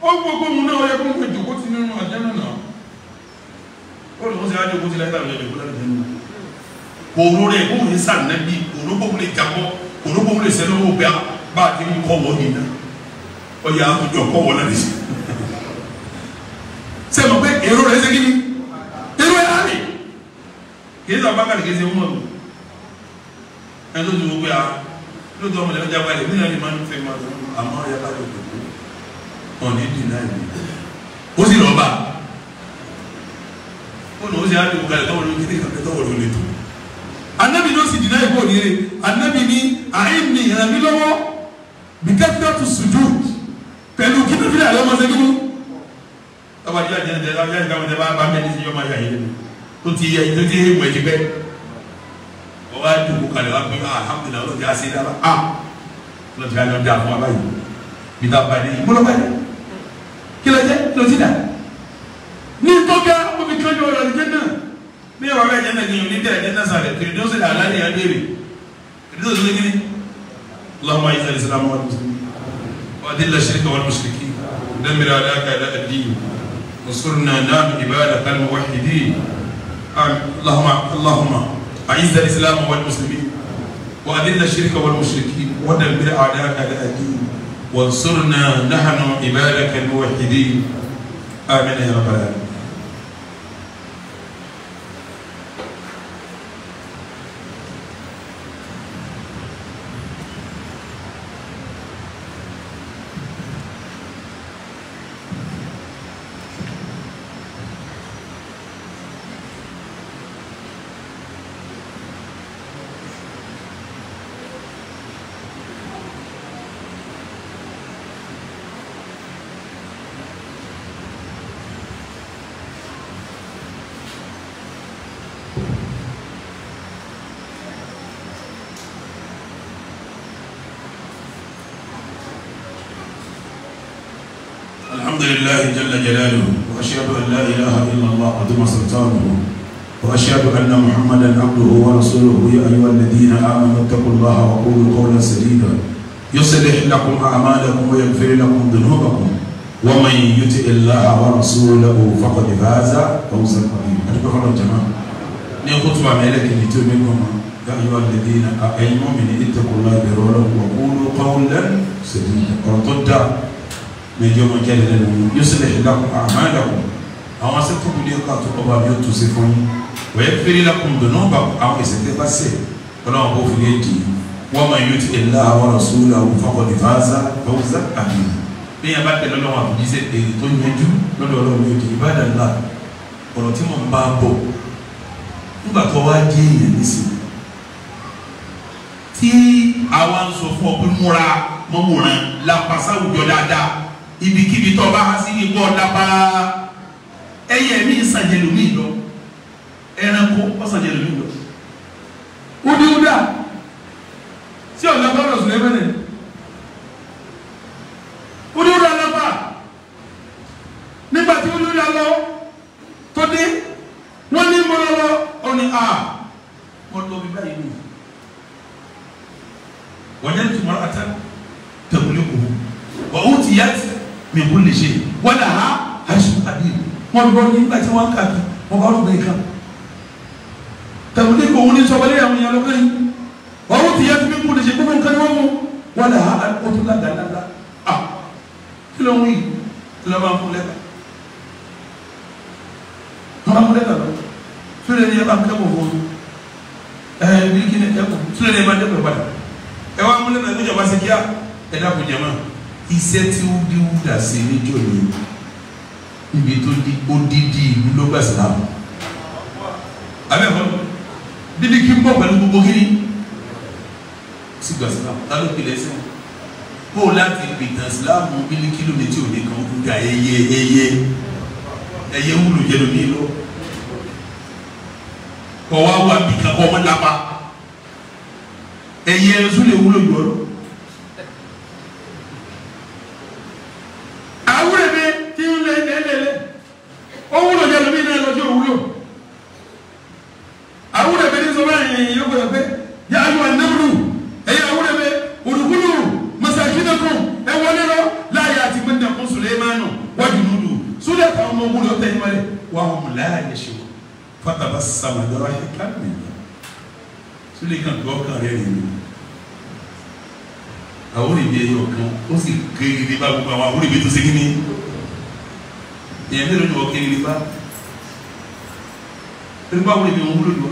o ko ko mun na o ye ko n ko jogo ti ne ma jɛn na o de ko se ka jogo ti la e ka bila jogo la jɛn na òru rẹ òun ní sàn nàbí òru bóun lè jabọ òru bóun lè sẹlẹ òun gbà bá a ti ń o wọn nìyẹn ọyà àwùjọ kọ wọn láti sè sẹmọ pé èrò rẹ ṣe kíni èrò ẹ láàmì kìí sọ abákan kìí ṣe wọn mọ ẹ ló ti wọ pé a ló tó ọmọ lẹ́yìn jábọ̀ ẹ̀ nínú ẹ̀ máa ń fẹ́ máa tó àmọ́ ọ̀yà bá lọ dòdò ọ̀nì dìnnà ẹ̀ ó sì lọ́ọ́ bá ó nà ó sì á lè wọ kalẹ̀ tọ́wọ́ ló ń kíni kàkẹ́ tọ́wọ́ ló ń lè anabi ní o sì dìná ìbò òdìrè anabi ní àìní ìrànmí lọ́wọ́ bìkẹ́tìkẹ́ tó sùjú pẹ̀lú kí nífi àlọ́ ọmọ sẹ́gi ní. ọba jẹ́ àjẹ́ àjẹ́ àjẹ́ àjẹ́ àjẹ́ bá bẹ́ẹ̀ ní sèyí ọmọ ayé ayé tó ti yẹ tó ti yẹ ìwẹ̀ ti bẹ́ wọ́n wá dùn kó kalẹ̀ wá pé ah, alhamdulilayi ọlọ́dẹ á sẹ́yìn dára ah ọlọ́dẹ á yọ̀ dá fún wa báyìí bí tá a bá dé ìmúlọ́ báyìí kí ló jẹ́ kí ló ti dà ní tọ́ka ọmọ mi kí ló yọ ọ̀rọ̀ àdìjẹ́ náà bí wàá bẹ́ẹ̀ jẹ́nà kìnyìn ní tẹ̀lé jẹ́nà sàrẹ̀ kìnyìn tó sì dà lálẹ́ yà bẹ́ẹ̀rẹ̀ kìnyìn tó sì lé kíni lọ́mọ ayé sàrẹ̀ sàlámù wàlú وأذل الشرك والمشركين دمر على أعداء الدين وانصرنا نام عبادك الموحدين اللهم اللهم أعز الإسلام والمسلمين وأذل الشرك والمشركين ودمر أعداءك على الدين وانصرنا نحن عبادك الموحدين آمين يا رب العالمين وقولوا قولا سديدا يصلح لكم أعمالكم ويغفر لكم ذنوبكم ومن يطع الله ورسوله فقد فاز فوزا عظيما أتقوا الجماعة نخطبة ملك نتوب منكم يا أيها الذين آمنوا من اتقوا الله برولكم وقولوا قولا سديدا ورطد من يوم كان يصلح لكم أعمالكم أو أسفكم ليقاتوا أبا يوتو سفون ويغفر لكم ذنوبكم أو أسفكم بسي ولو أبو في ومن يطع الله ورسوله فقد فاز فوزا عظيما bí yẹn bá tẹ̀lé lọ́wọ́ àbújíṣe èyí tó yanjú lọ́dọ̀ ọlọ́run yóò di ìbàdàn náà ọ̀rọ̀ tí mò ń bá bọ̀ nígbà tó wá dé èèyàn nísìnyí tí àwa ń sọ fún ọ pé múra mọ́múran làpàṣà àwùjọ dáadáa ibikíbi tó bá sí ipò ọ̀dàpá ẹ̀yẹ mi ń sàjẹ̀lómi lọ ẹranko ọ̀sàjẹ̀lómi min kulli shay wala ha àìsùn tàbí wọn lọ nígbà tí wọn kà bí wọn bá rògbè kan tàbí kò wọn ní sọgbọlẹ àwọn yẹn lọkàn yìí wọn ò ti yẹ fún mi kú lẹsẹ gbogbo nǹkan ni wọn mú wọn là á o tún ládàá ládàá à kí ló ń wí kí ló máa ń fún lẹ́tà wọn máa ń fún lẹ́tà lọ fúlẹ̀ ni ẹ bá kẹ́ wọ̀ fún ẹ bí kí ni ẹ kọ̀ fúlẹ̀ ni ẹ bá dẹ́kun ẹ padà ẹ wá múlẹ̀ náà níjọba ṣe kíá ẹ dákun jẹ mọ́ iṣẹ́ tí ó dé wúdà sí níjọ ni ibi tó di odidi ìlú ló gbà sílámù abẹ́kọ̀ bíbí kí n bọ̀ pẹ̀lú gbogbo kí ni sí gbà sílámù ta ló pilẹ̀ sí kó o láti pìtàn sílámù bíbí kílómítì òde kan kú ga ẹyẹ ẹyẹ ẹyẹ wúlò jẹ lómi lọ kọ̀ wá wá bí kakọ́ ọmọ lápá ẹyẹ ẹ̀sùn lè wúlò jù ọ lọ. ó rí ibi tó ṣe kí ni èèyàn mélòó ni wọ́n kiri nípa nípa wo ni mi ò wúlò lọ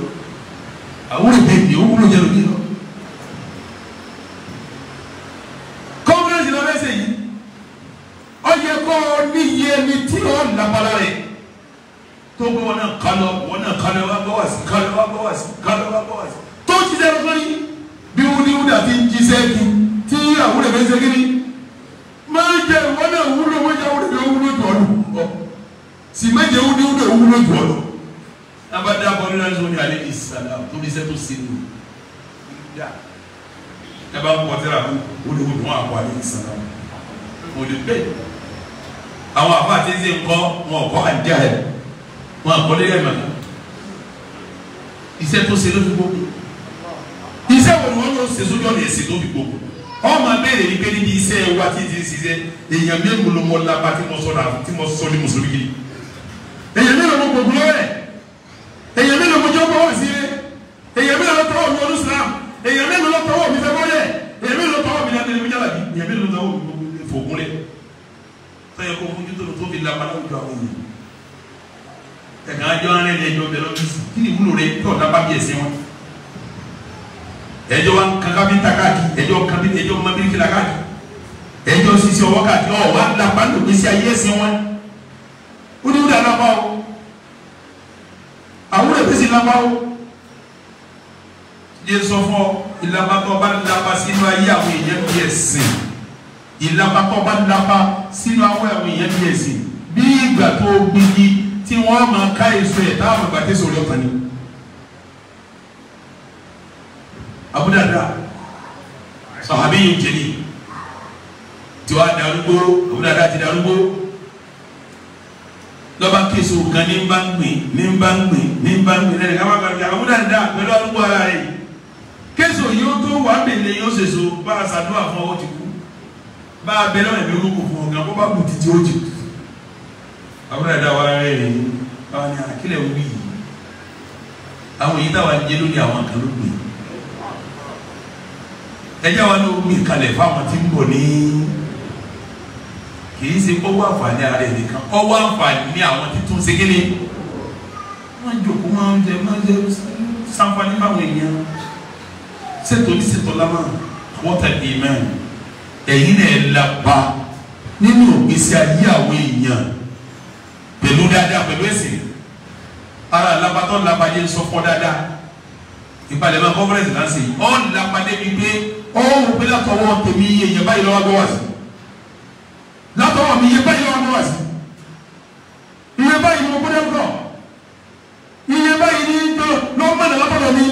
àwọn olùdè ni ó wúlò jẹ́ lómi lọ. lọ lẹ́sẹ̀ yìí ó yẹ kó o níye ni tí ó lápalá rẹ̀ tó gbé wọn náà kálọ wọn náà kálọ wá bọ́ sí kálọ wá bọ́ sí kálọ wá bọ́ sí tó ti dẹ́rù fún yín bí wúdiwúdi àti jíṣẹ́ kí tí àwọn olùdè fẹ́ ni máa jẹ ìwọ náà wúlò wọ́n yà wúlò yóò wúlò tọ́ lù ọ́ sì má jẹ wúlò yóò wúlò tọ́ lù. abadá bọ́ nínú àti sọ́ni alẹ́ ìsàlà tó ní sẹ́tò sínú ìdá ẹ bá ń pọ̀ tẹ́lá kú wúlò wúlò wọn àpọ̀ alẹ́ ìsàlà kò lè bẹ́ẹ̀. àwọn àfa àti ẹsẹ̀ ńkọ́ wọn kọ́ àdé ẹ̀ wọn àkọ́lé ẹ̀ mọ̀ iṣẹ́ tó ṣe ló fi gbogbo iṣẹ́ wo ni wọ́n yóò ṣe sójú ọ̀nà ọmọ abéèrè yìí pé níbi iṣẹ́ wa ti di ṣiṣẹ́ èèyàn mélòó ló mọ lába tí mo sọ̀rọ̀ àti tí mo sọ ní mùsùlùmí kiri èèyàn mélòó mo gbogbo rẹ̀ èèyàn mélòó mo jọ́pọ̀ wọ̀ sí èèyàn mélòó ló tọwọ́ mi ọdún Islam èèyàn mélòó ló tọwọ́ mi fẹ́kọ́lẹ̀ èèyàn mélòó ló tọwọ́ mi lẹ́nu mi jálàbí èèyàn mélòó ló tọwọ́ mi fògúnlẹ̀ tọ́yẹ kó fún jútó tó fi lápá láwùjọ àwọn èèyàn ẹ̀ka ajọ́ arẹ́lẹ̀ ẹjọ́ bẹ̀rẹ̀ kí ni wúlò rẹ̀ tó ọ̀dà bá bí ẹjọ́ wa kan kábíntà káàkiri ẹjọ́ kábíntà ẹjọ́ mọ́bíríkìlà káàkiri ẹjọ́ sisi ọwọ́ káàkiri ọ̀ wá la pàǹtò gbèsè ayé ẹsẹ̀ wọn ó ní wúdà lápá o àwọn èpèsè lápá o yé sọ fún ọ ìlàbàtọ̀ bá lápá sínú ayé àwọn èèyàn bí ẹ̀sìn ìlàbàtọ̀ bá lápá sínú àwọn èèyàn bí ẹ̀sìn bí ìgbà tó gbégi tí wọ́n máa ká èso ẹ̀ táwọn àgbàtẹ́sọ̀ rẹ̀ ọ̀tàn ni. Abu Darda sahabiyun jalil tiwa darúgbó Abu Darda ti darúgbó lọ́ba kéésì òkan ní bá ń gbìn ní bá ń gbìn ní bá ń gbìn lẹ́yìn káwọn àgbàdo Abu Darda pẹ̀lú arúgbó ara rẹ̀ kéésì òyìn ó tó wà bèlè yóò ṣèṣo bá a ṣàdúrà fún ọ ti kú bá a bẹ lọ́wọ́ ẹ̀mí olóko fún ọ̀gá bó bá kù títí ó jù Abu Darda wa rẹ̀ rẹ̀ báwa ni àkílẹ̀ wí yìí àwọn èyí táwa jẹ́ lórí àwọn kan ló gbìn ẹjẹ́ wa ló gbé kalẹ̀ fáwọn tí ń bọ̀ ní kì í ṣe ọwọ́ àǹfààní ara ẹ̀ nìkan ọwọ́ àǹfààní àwọn títún ṣe kíni wọ́n ń jòkó máa ń jẹ máa ń jẹ sanfani báwọn èèyàn ṣètò ní ṣètò lámà wọ́tà ìmọ̀ ẹ̀yin náà lápá nínú ògbésí ayé àwọn èèyàn pẹ̀lú dáadáa pẹ̀lú ẹ̀sìn ara labatọ́ labajẹ́ sọ dáadáa ìpàdé máa kọ́fẹ́rẹ́sì náà ṣe ọ́ labadé bíi pé ọwọ́ wò pé látọwọ́ tèmi yé yẹn báyìí lọ́wọ́ gbọ́wọ́ sí látọwọ́ mi yé báyìí lọ́wọ́ gbọ́wọ́ sí iye báyìí ni mo gbọ́dọ̀ gbọ́ iye báyìí ni lọ́wọ́ mọ̀nà lápọ̀dọ̀ mi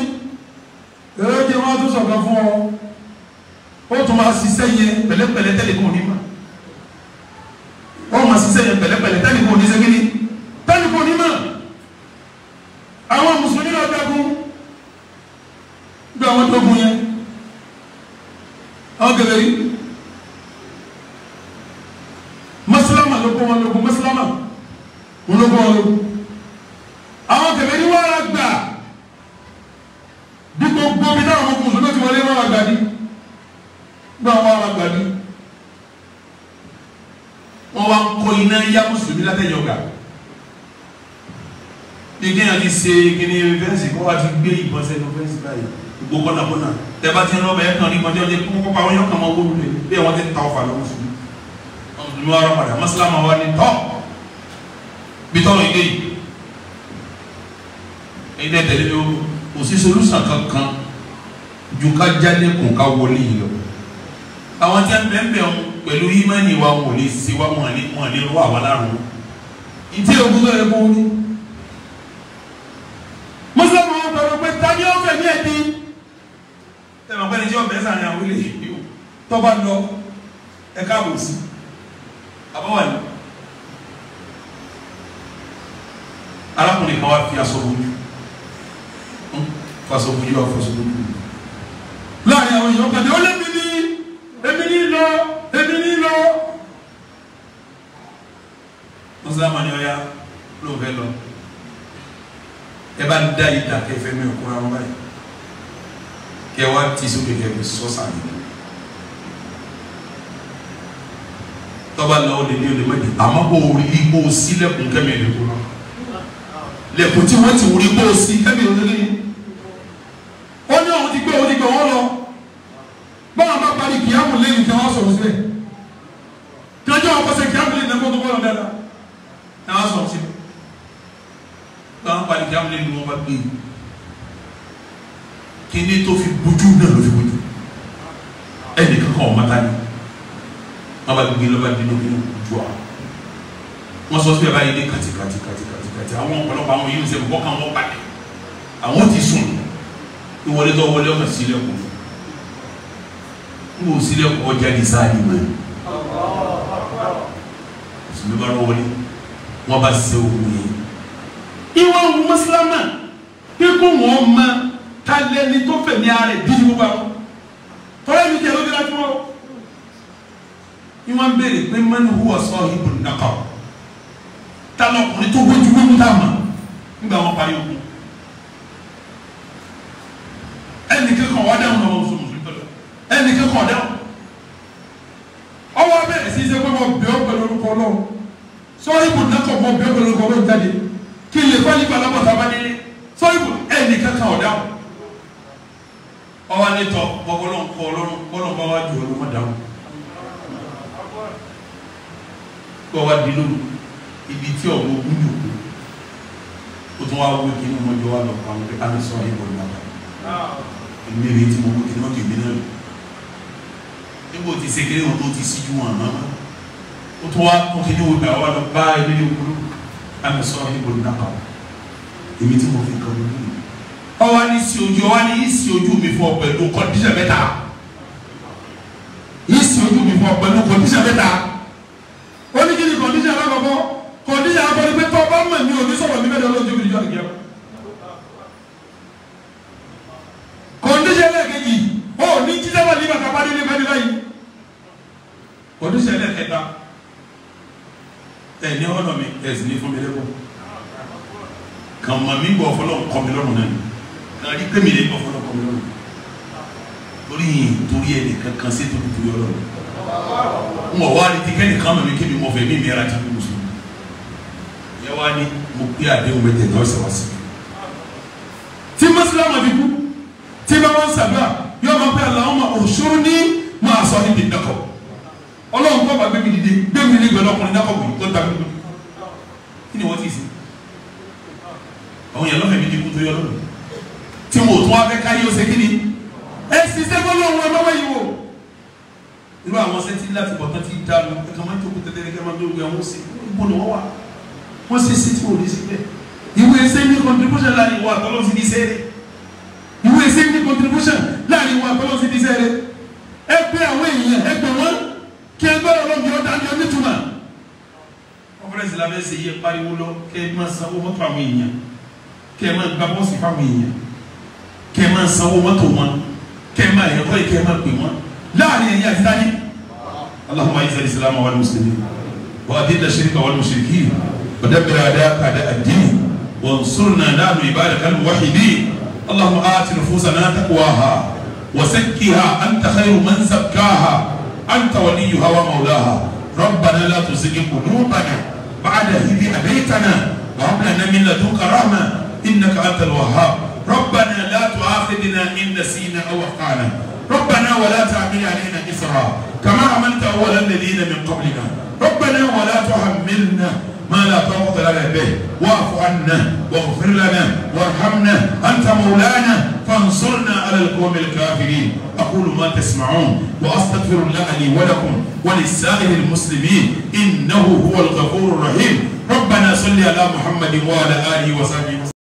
ẹ̀rọ jẹ́ wọn tó sọ̀kan fún ọ ó tún máa ṣiṣẹ́ yẹn pẹ̀lẹ́pẹ̀lẹ́ tẹ́lẹ̀ kò ní ma ó máa ṣiṣẹ́ yẹn pẹ̀lẹ́pẹ̀lẹ́ tẹ́lẹ̀ kò ní sẹ́kìnì tẹ́lẹ̀ kò ní ma àwọn mùsùlùmí náà dẹ́kun gbé àwọn tó kún yẹn àwọn kèfèrí mọ́sílámà ló kó wọn lókun mọ́sílámà wọn ló kó wọn lókun àwọn kèfèrí wọn á gbà bí gbogbo bí náà wọn kò sódò tí wọlé wọn á gbà ní gbà wọn á gbà ní wọn wá kọ iná yá mùsùlùmí látẹ̀yọ̀gà ìgbéyàwó ti ṣe kíní fẹ́ǹsì kó wá ti gbé ìbọn sẹ́nu fẹ́ǹsì báyìí gbogbo bọ́nàbọ́nà tẹ bá ti ń lọ́mọ ẹ̀ kàn ní ìmọ̀jọ́ jẹ́ kókó pa wọ́n yọ kàn máa wó lulẹ̀ bí wọ́n ti ń ta ọ̀fà lọ́wọ́ fún mi ní wọ́n padà mọ́sálàmù wa ni tọ́ bí tọ́rọ̀ ilé yìí ẹ̀yin dẹ́ tẹ̀lé mi kò sí solúsàn kankan ju ká jáde kùn ká wọlé yìí lọ àwọn tí wọ́n bẹ̀ẹ̀ bẹ̀ẹ̀ pẹ̀lú ìmánì wa wò lè sí wa wọ́n lè wọ́n lè rú àwa lárùn ìdí ògùn tó yẹ kó wọlé mọ́sálàmù wa gbọ́dọ̀ pé tani ó fẹ̀mí ẹ̀ dín ẹ mọ̀ pẹ́ni tí wọ́n bẹ̀rẹ̀ sàrin àwọn ilé yìí tọ́ba lọ ẹ káàbọ̀ sí àbáwá ni arákùnrin kan wá fi aṣọ bojú hmm? faṣọ bojú wa faṣọ bojú láàrin àwọn èèyàn pàdé ó lébi ní ebi ní lọ ebi ní lọ mùsùlùmá ni ọ̀ya ló ń fẹ́ lọ ẹ bá ń dá ìdá kẹfẹ́ mi ò kóra wọn báyìí kẹ wá ti sókè kẹ fi sọ sàmì tọ́ba lọ ọdẹ ní ọdẹ mẹ́jọ o rí bó o sí lẹ́kùn kẹ́mi ẹ̀ lẹ́kùn náà lẹ́kùn tí wọ́n ti rí bó o sí kẹ́mi ẹ̀ lẹ́kùn wọ́n ní àwọn ti gbé wọn ti gbé wọn lọ báwọn bá parí kìámù lẹ́yìn tí wọ́n sọ̀rọ̀ sílẹ̀ kíájọ́ àwọn fazer kìámù lẹ́yìn náà kó tó bọ́ọ̀lù dáadáa náà sọ̀rọ̀ sílẹ̀ báwọn parí kìámù lẹ́yìn ni wọ́n bá gbé yìí kíní tó fi bójú náà ló fi bójú ẹnì kankan ọmọ ta ni wọn bá gbé lọ́ba dínú nínú bójú àwọn wọn sọ síbẹ̀ báyìí ní kàtìkàtì kàtìkàtì kàtì àwọn ọ̀pọ̀lọpọ̀ àwọn yìí ń sẹ́yìn bọ́kà wọn balẹ̀ àwọn ti sùn ìwọlé tó wọlé ọkàn sílẹ̀kùn o kò sílẹ̀kùn ọjà ní sáàdì mọ́ mùsùlùmí bá wọlé wọn bá ṣe òun yẹn. ìwọ ohun mọ́sálá náà pé kó wọ́n máa ta lẹni tó fẹ̀mí ara rẹ̀ bí gbogbo àwọn tọ́lá mi tẹ̀lé obìnrin àti wọn. ìwọ̀n béèrè pé mẹ́nu hùwà sọ ìbò nàkọ́ ta lọkùnrin tó gbójú gbójú tá a mọ̀ nígbà wọn parí ogun. ẹnì kankan wà dáhùn náà wọn sọ mùsùlùmí pẹ̀lú ẹnì kankan dáhùn. ọwọ́ bẹ̀rẹ̀ sí ṣe pé wọ́n bẹ̀ ọ́ pẹ̀lú orúkọ ọlọ́run sọ ìbò nàkọ́ wọ́n bẹ̀ ọ́ pẹ̀lú orúkọ ọlọ́run jáde kí ilé fọ́ọ̀lì balabọ̀ sábà nílé sọ ìbò ẹnì kankan ọ̀dáhùn ní tọ́ bọ́kọ́lọ́ ń kọ́ ọlọ́run bọ́lọ́ bá wá jù ọlọ́mọ dáhùn gbọ́ wá di lóru ibi tí ọ̀gbọ́ gbúdù ó tún wá wó kí ní ọmọdé wa lọ pa àwọn pé àmì sọ ìbò ní àgbà èmi rèé tí mo wó kí ní ọ̀gbìn mi náà níbo ti ṣe kéré wọn tó ti síjú wọn àná o tún wá kó kí ní ọgbà wa lọ bá o ìwúrú àmì sọ ìbò ní àgbà èmi tí mo fi kàn lóyún ọwọ́ ní sí ojú ọwọ́ ní ìsì ojú mi fún ọ pẹ̀lú kọ́ndíṣẹ̀ mẹ́ta ìsì ojú mi fún ọ pẹ̀lú kọ́ndíṣẹ̀ mẹ́ta ó ní kí ni kọ́ndíṣẹ̀ alákọ̀ọ́kọ́ kọ́ndíṣẹ̀ alákọ̀ọ́kọ́ pé tọ́ bá mọ̀ mí ò ní sọ̀rọ̀ mi mẹ́ta lójú ìjọ ìjọ. kọ́ndíṣẹ̀ lẹ́ẹ̀kejì ó ní jíjẹ́ wà ní bàtà bá délé fẹ́ nílá yìí kọ́ndíṣẹ̀ lẹ́ẹ̀kẹta ẹ̀ ní ọ̀nà mi ẹ̀ sì ní fún mi lẹ́kọ̀ọ́ kàn mọ̀ mí gbọ́ fọlọ́ kọ́ náà kan rí pé mi lè gbọ́ fọlọ́kọ́ mi lọ́nà torí torí ẹnìkan kan sí tó dúdú ọlọ́run n wọ̀ wá rí ti kẹ́nìkan mọ̀ mi kébi mọ̀ fẹ́ mi mi ara ti kú mùsùlùmí yẹ wá ní mo pé àdéhùn méje náà ṣe wá sí i tí mọ́sílámù ti kú tí bá wọn sàdúrà yóò máa pé Allahumma òṣòro ní máa sọ níbi ìdákọ̀ ọlọ́run kọ́ bá gbẹ́mí dìde gbẹ́mí dìde gbẹ́lẹ́ ọkùnrin dákọ̀ wò tó ń tàbí kí ni wọ́n ti sè àwọn yẹn lọ́fẹ̀ẹ́ mi ti kú tó yọ lọ́rùn tún wá fẹ́ káyé ọ̀sẹ̀ kí ni ẹ sì sẹ́gbọ́n lọ́wọ́ ẹ bá wẹ̀yìn wò irú àwọn sẹ́tí láti bọ̀ tán ti dá lọ ẹ̀ka máa ń jókòó tẹ́tẹ́rẹ́ kí a máa dóògbé àwọn sí gbogbo ni wọ́n wà wọ́n sì sí tí ò ní sí bẹ́ẹ̀ ìwé ẹsẹ̀ ní contribution láàrin ìwà àtọ́lọ́ sí ní sẹ́ẹ̀rẹ́ ìwé ẹsẹ̀ ní contribution láàrin ìwà àtọ́lọ́ sí ní sẹ́ẹ̀rẹ́ ẹ pé àwọn èèyàn ẹ pè wọ́n kí ẹ gbọ́dọ̀ lọ́ọ́ gbọ́dọ̀ dájọ́ nítumọ̀ ọ̀fẹ́rẹ́sì la fẹ́ ṣe yẹ pariwo lọ kẹ́ ẹ máa sanwó mọ́tò àwọn èèyàn kẹ́ ẹ máa gbà bọ́ọ̀sì fáwọn èèyàn كما máa sanwó كما wọn كما máa ẹ̀rọ علي kẹ́ máa pè wọn láàrin ẹ̀yìn àti dání. اللهم اعز الاسلام والمسلمين واذل الشرك والمشركين ودبر اعداءك اعداء الدين وانصرنا نحن عبادك الموحدين اللهم ات نفوسنا تقواها وزكها انت خير من زكاها انت وليها ومولاها ربنا لا تزغ قلوبنا بعد اذ هديتنا وهب لنا من لدنك رحمه انك انت الوهاب ربنا لا تؤاخذنا إن نسينا أو أخطأنا ربنا ولا تعمل علينا إسرا كما عملت أول الذين من قبلنا ربنا ولا تحملنا ما لا طاقة لنا به واعف عنا واغفر لنا وارحمنا أنت مولانا فانصرنا على القوم الكافرين أقول ما تسمعون وأستغفر الله لي ولكم ولسائر المسلمين إنه هو الغفور الرحيم ربنا صل على محمد وعلى آله وصحبه